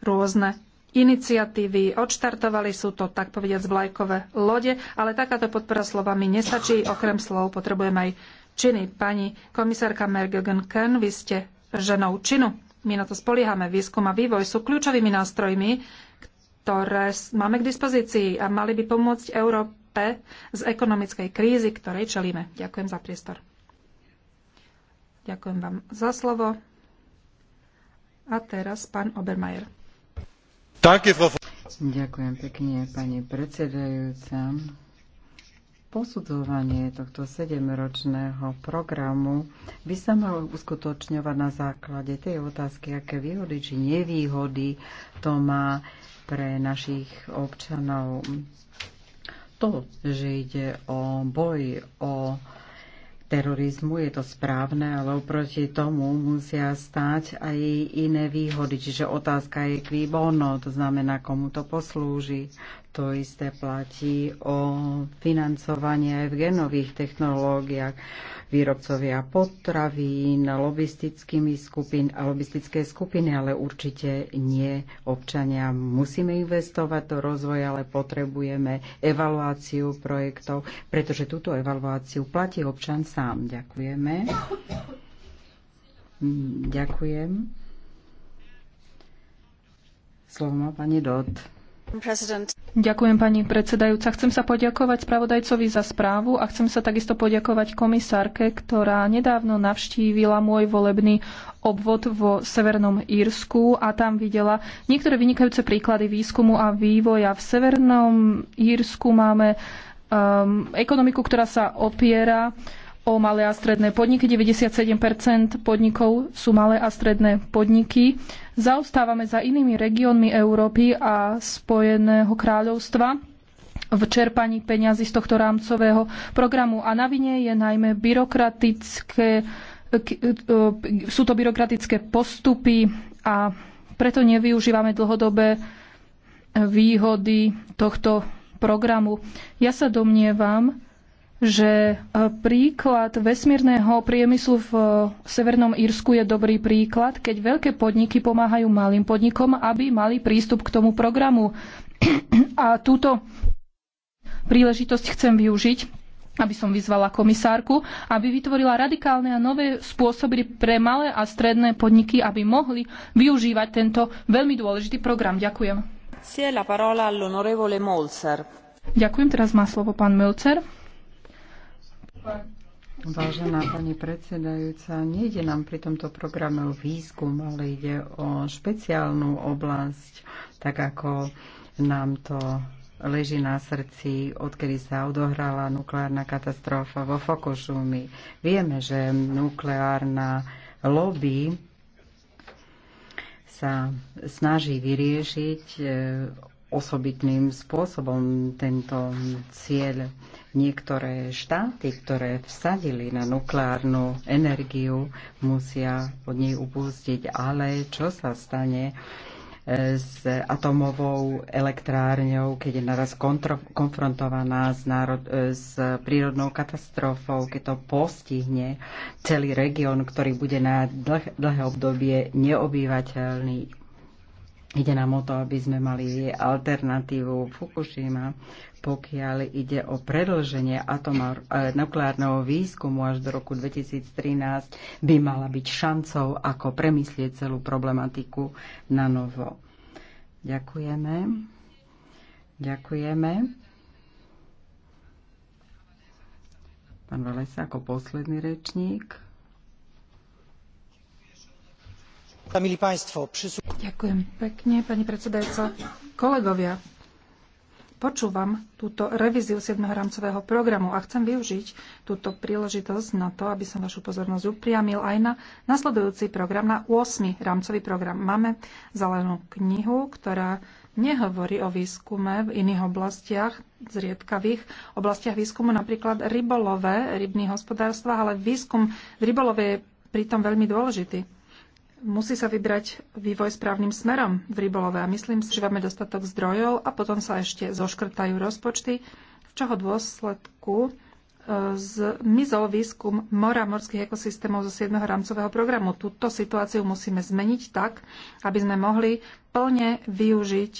rôzne iniciatívy odštartovali, sú to tak povediať vlajkové lode, ale takáto podpora slovami nestačí. Okrem slov potrebujeme aj činy. Pani komisárka Mergegen Ken, vy ste ženou činu. My na to spoliehame. Výskum a vývoj sú kľúčovými nástrojmi ktoré máme k dispozícii a mali by pomôcť Európe z ekonomickej krízy, ktorej čelíme. Ďakujem za priestor. Ďakujem vám za slovo. A teraz pán Obermajer. Ďakujem pekne, pani predsedajúca. Posudzovanie tohto sedemročného programu by sa malo uskutočňovať na základe tej otázky, aké výhody či nevýhody to má pre našich občanov. To, že ide o boj, o terorizmu, je to správne, ale oproti tomu musia stáť aj iné výhody. Čiže otázka je kvíbono, to znamená, komu to poslúži. To isté platí o financovanie aj v genových technológiách. Výrobcovia potravín, lobistickými skupin, lobistické skupiny, ale určite nie občania. Musíme investovať do rozvoja, ale potrebujeme evaluáciu projektov, pretože túto evaluáciu platí občan sám. Ďakujeme. Ďakujem. Slovo má pani Dot. President. Ďakujem pani predsedajúca. Chcem sa poďakovať spravodajcovi za správu a chcem sa takisto poďakovať komisárke, ktorá nedávno navštívila môj volebný obvod vo Severnom Írsku a tam videla niektoré vynikajúce príklady výskumu a vývoja. V Severnom Írsku máme um, ekonomiku, ktorá sa opiera o malé a stredné podniky. 97% podnikov sú malé a stredné podniky Zaostávame za inými regiónmi Európy a Spojeného kráľovstva v čerpaní peňazí z tohto rámcového programu. A na vine je najmä byrokratické, e, sú to byrokratické postupy a preto nevyužívame dlhodobé výhody tohto programu. Ja sa domnievam, že e, príklad vesmírneho priemyslu v e, Severnom Írsku je dobrý príklad, keď veľké podniky pomáhajú malým podnikom, aby mali prístup k tomu programu. A túto príležitosť chcem využiť aby som vyzvala komisárku, aby vytvorila radikálne a nové spôsoby pre malé a stredné podniky, aby mohli využívať tento veľmi dôležitý program. Ďakujem. Ďakujem, teraz má slovo pán Mölcer. Vážená pani predsedajúca, nejde nám pri tomto programe o výskum, ale ide o špeciálnu oblasť, tak ako nám to leží na srdci, odkedy sa odohrala nukleárna katastrofa vo Fukushimi. Vieme, že nukleárna lobby sa snaží vyriešiť e, osobitným spôsobom tento cieľ. Niektoré štáty, ktoré vsadili na nukleárnu energiu, musia od nej upustiť. Ale čo sa stane e, s atomovou elektrárňou, keď je naraz kontro- konfrontovaná s, národ- e, s prírodnou katastrofou, keď to postihne celý región, ktorý bude na dlh- dlhé obdobie neobývateľný Ide nám o to, aby sme mali alternatívu Fukushima, pokiaľ ide o predlženie atomár, e, nukleárneho výskumu až do roku 2013, by mala byť šancou, ako premyslieť celú problematiku na novo. Ďakujeme. Ďakujeme. Pán Valesa ako posledný rečník. Ďakujem pekne, pani Kolegovia, počúvam túto revíziu 7. rámcového programu a chcem využiť túto príležitosť na to, aby som vašu pozornosť upriamil aj na nasledujúci program, na 8. rámcový program. Máme zelenú knihu, ktorá nehovorí o výskume v iných oblastiach, zriedkavých oblastiach výskumu, napríklad rybolové, rybných hospodárstva, ale výskum v rybolove je pritom veľmi dôležitý musí sa vybrať vývoj správnym smerom v rybolove a myslím si, že máme dostatok zdrojov a potom sa ešte zoškrtajú rozpočty, v čoho dôsledku e, zmizol výskum mora morských ekosystémov zo 7. rámcového programu. Túto situáciu musíme zmeniť tak, aby sme mohli plne využiť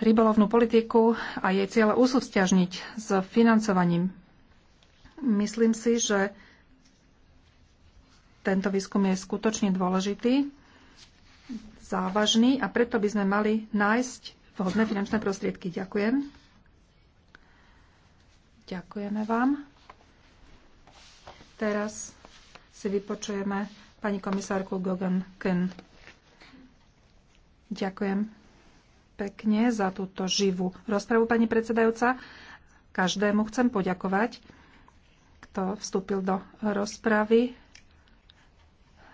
rybolovnú politiku a jej cieľe usústiažniť s financovaním. Myslím si, že tento výskum je skutočne dôležitý, závažný a preto by sme mali nájsť vhodné finančné prostriedky. Ďakujem. Ďakujeme vám. Teraz si vypočujeme pani komisárku Gogan Ken. Ďakujem pekne za túto živú rozpravu, pani predsedajúca. Každému chcem poďakovať, kto vstúpil do rozpravy.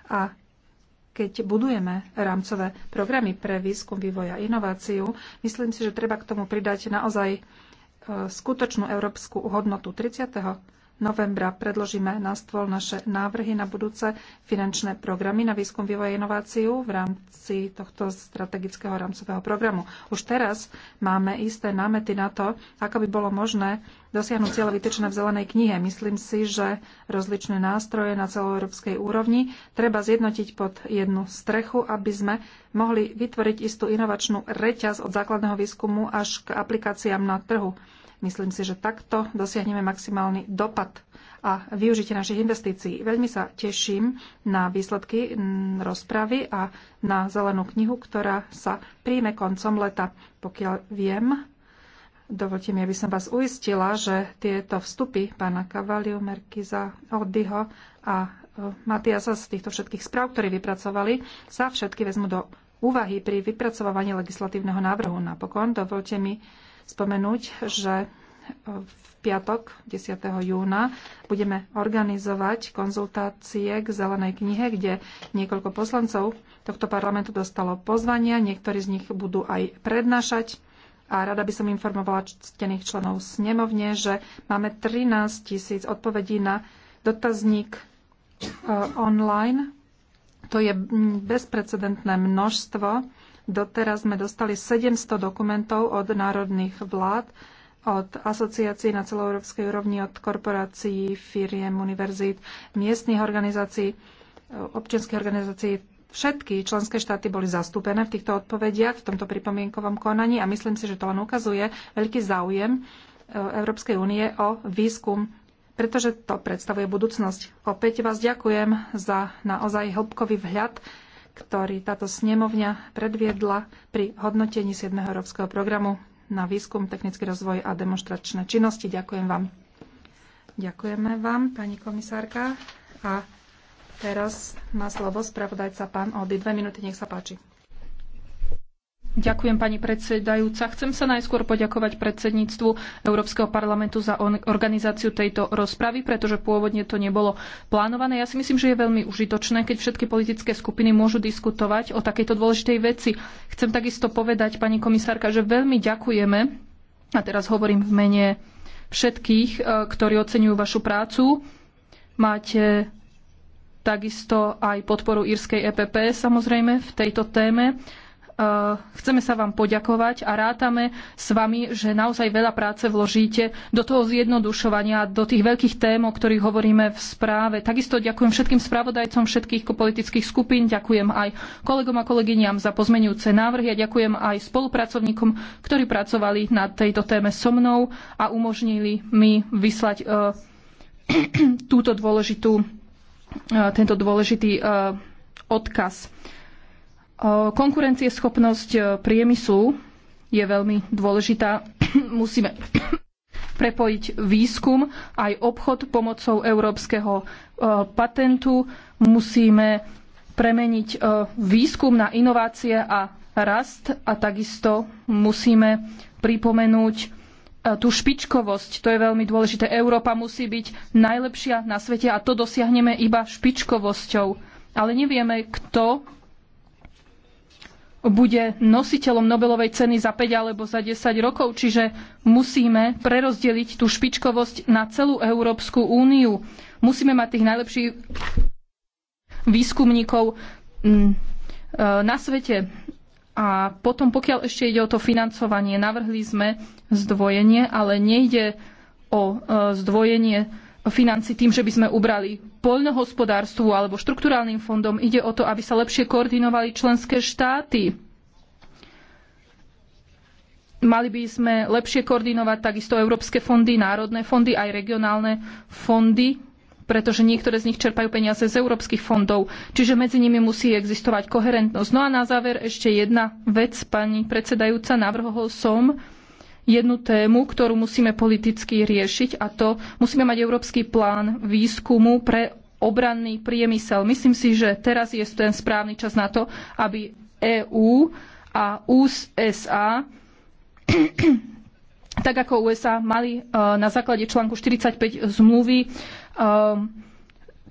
A keď budujeme rámcové programy pre výskum, vývoj a inováciu, myslím si, že treba k tomu pridať naozaj e, skutočnú európsku hodnotu. 30 novembra predložíme na stôl naše návrhy na budúce finančné programy na výskum, vývoj a inováciu v rámci tohto strategického rámcového programu. Už teraz máme isté námety na to, ako by bolo možné dosiahnuť cieľe vytečené v zelenej knihe. Myslím si, že rozličné nástroje na celoeurópskej úrovni treba zjednotiť pod jednu strechu, aby sme mohli vytvoriť istú inovačnú reťaz od základného výskumu až k aplikáciám na trhu. Myslím si, že takto dosiahneme maximálny dopad a využite našich investícií. Veľmi sa teším na výsledky rozpravy a na zelenú knihu, ktorá sa príjme koncom leta. Pokiaľ viem, dovolte mi, aby som vás uistila, že tieto vstupy pána Kavaliu, Merkiza, Oddyho a e, Matiasa z týchto všetkých správ, ktoré vypracovali, sa všetky vezmu do úvahy pri vypracovaní legislatívneho návrhu. Napokon dovolte mi spomenúť, že v piatok 10. júna budeme organizovať konzultácie k zelenej knihe, kde niekoľko poslancov tohto parlamentu dostalo pozvania, niektorí z nich budú aj prednášať a rada by som informovala ctených členov snemovne, že máme 13 tisíc odpovedí na dotazník e, online. To je bezprecedentné množstvo Doteraz sme dostali 700 dokumentov od národných vlád, od asociácií na celoeurópskej úrovni, od korporácií, firiem, univerzít, miestnych organizácií, občianských organizácií. Všetky členské štáty boli zastúpené v týchto odpovediach, v tomto pripomienkovom konaní a myslím si, že to len ukazuje veľký záujem e, Európskej únie o výskum pretože to predstavuje budúcnosť. Opäť vás ďakujem za naozaj hĺbkový vhľad ktorý táto snemovňa predviedla pri hodnotení 7. európskeho programu na výskum, technický rozvoj a demonstračné činnosti. Ďakujem vám. Ďakujeme vám, pani komisárka. A teraz má slovo spravodajca pán Ody. Dve minúty, nech sa páči. Ďakujem, pani predsedajúca. Chcem sa najskôr poďakovať predsedníctvu Európskeho parlamentu za organizáciu tejto rozpravy, pretože pôvodne to nebolo plánované. Ja si myslím, že je veľmi užitočné, keď všetky politické skupiny môžu diskutovať o takejto dôležitej veci. Chcem takisto povedať, pani komisárka, že veľmi ďakujeme, a teraz hovorím v mene všetkých, e, ktorí oceňujú vašu prácu. Máte takisto aj podporu írskej EPP, samozrejme, v tejto téme. Eh, chceme sa vám poďakovať a rátame s vami, že naozaj veľa práce vložíte do toho zjednodušovania, do tých veľkých tém, o ktorých hovoríme v správe. Takisto ďakujem všetkým spravodajcom všetkých politických skupín, ďakujem aj kolegom a kolegyňam za pozmenujúce návrhy a ďakujem aj spolupracovníkom, ktorí pracovali na tejto téme so mnou a umožnili mi vyslať eh, túto dôležitú, eh, tento dôležitý odkaz. Konkurencieschopnosť priemyslu je veľmi dôležitá. Musíme prepojiť výskum aj obchod pomocou európskeho patentu. Musíme premeniť výskum na inovácie a rast a takisto musíme pripomenúť tú špičkovosť. To je veľmi dôležité. Európa musí byť najlepšia na svete a to dosiahneme iba špičkovosťou. Ale nevieme, kto bude nositeľom Nobelovej ceny za 5 alebo za 10 rokov, čiže musíme prerozdeliť tú špičkovosť na celú Európsku úniu. Musíme mať tých najlepších výskumníkov mm, e, na svete. A potom, pokiaľ ešte ide o to financovanie, navrhli sme zdvojenie, ale nejde o e, zdvojenie financí tým, že by sme ubrali poľnohospodárstvu alebo štrukturálnym fondom. Ide o to, aby sa lepšie koordinovali členské štáty. Mali by sme lepšie koordinovať takisto európske fondy, národné fondy, aj regionálne fondy, pretože niektoré z nich čerpajú peniaze z európskych fondov. Čiže medzi nimi musí existovať koherentnosť. No a na záver ešte jedna vec, pani predsedajúca, navrhol som, jednu tému, ktorú musíme politicky riešiť a to musíme mať európsky plán výskumu pre obranný priemysel. Myslím si, že teraz je ten správny čas na to, aby EÚ a USA tak ako USA mali e, na základe článku 45 zmluvy e,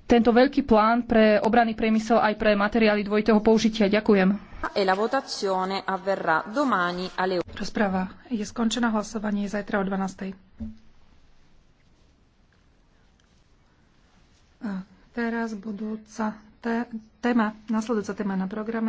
tento veľký plán pre obranný priemysel aj pre materiály dvojitého použitia. Ďakujem. E la votazione avverrà domani alle... Rozprava je skončená hlasovanie zajtra o 12. A teraz budúca téma, nasledujúca téma na programe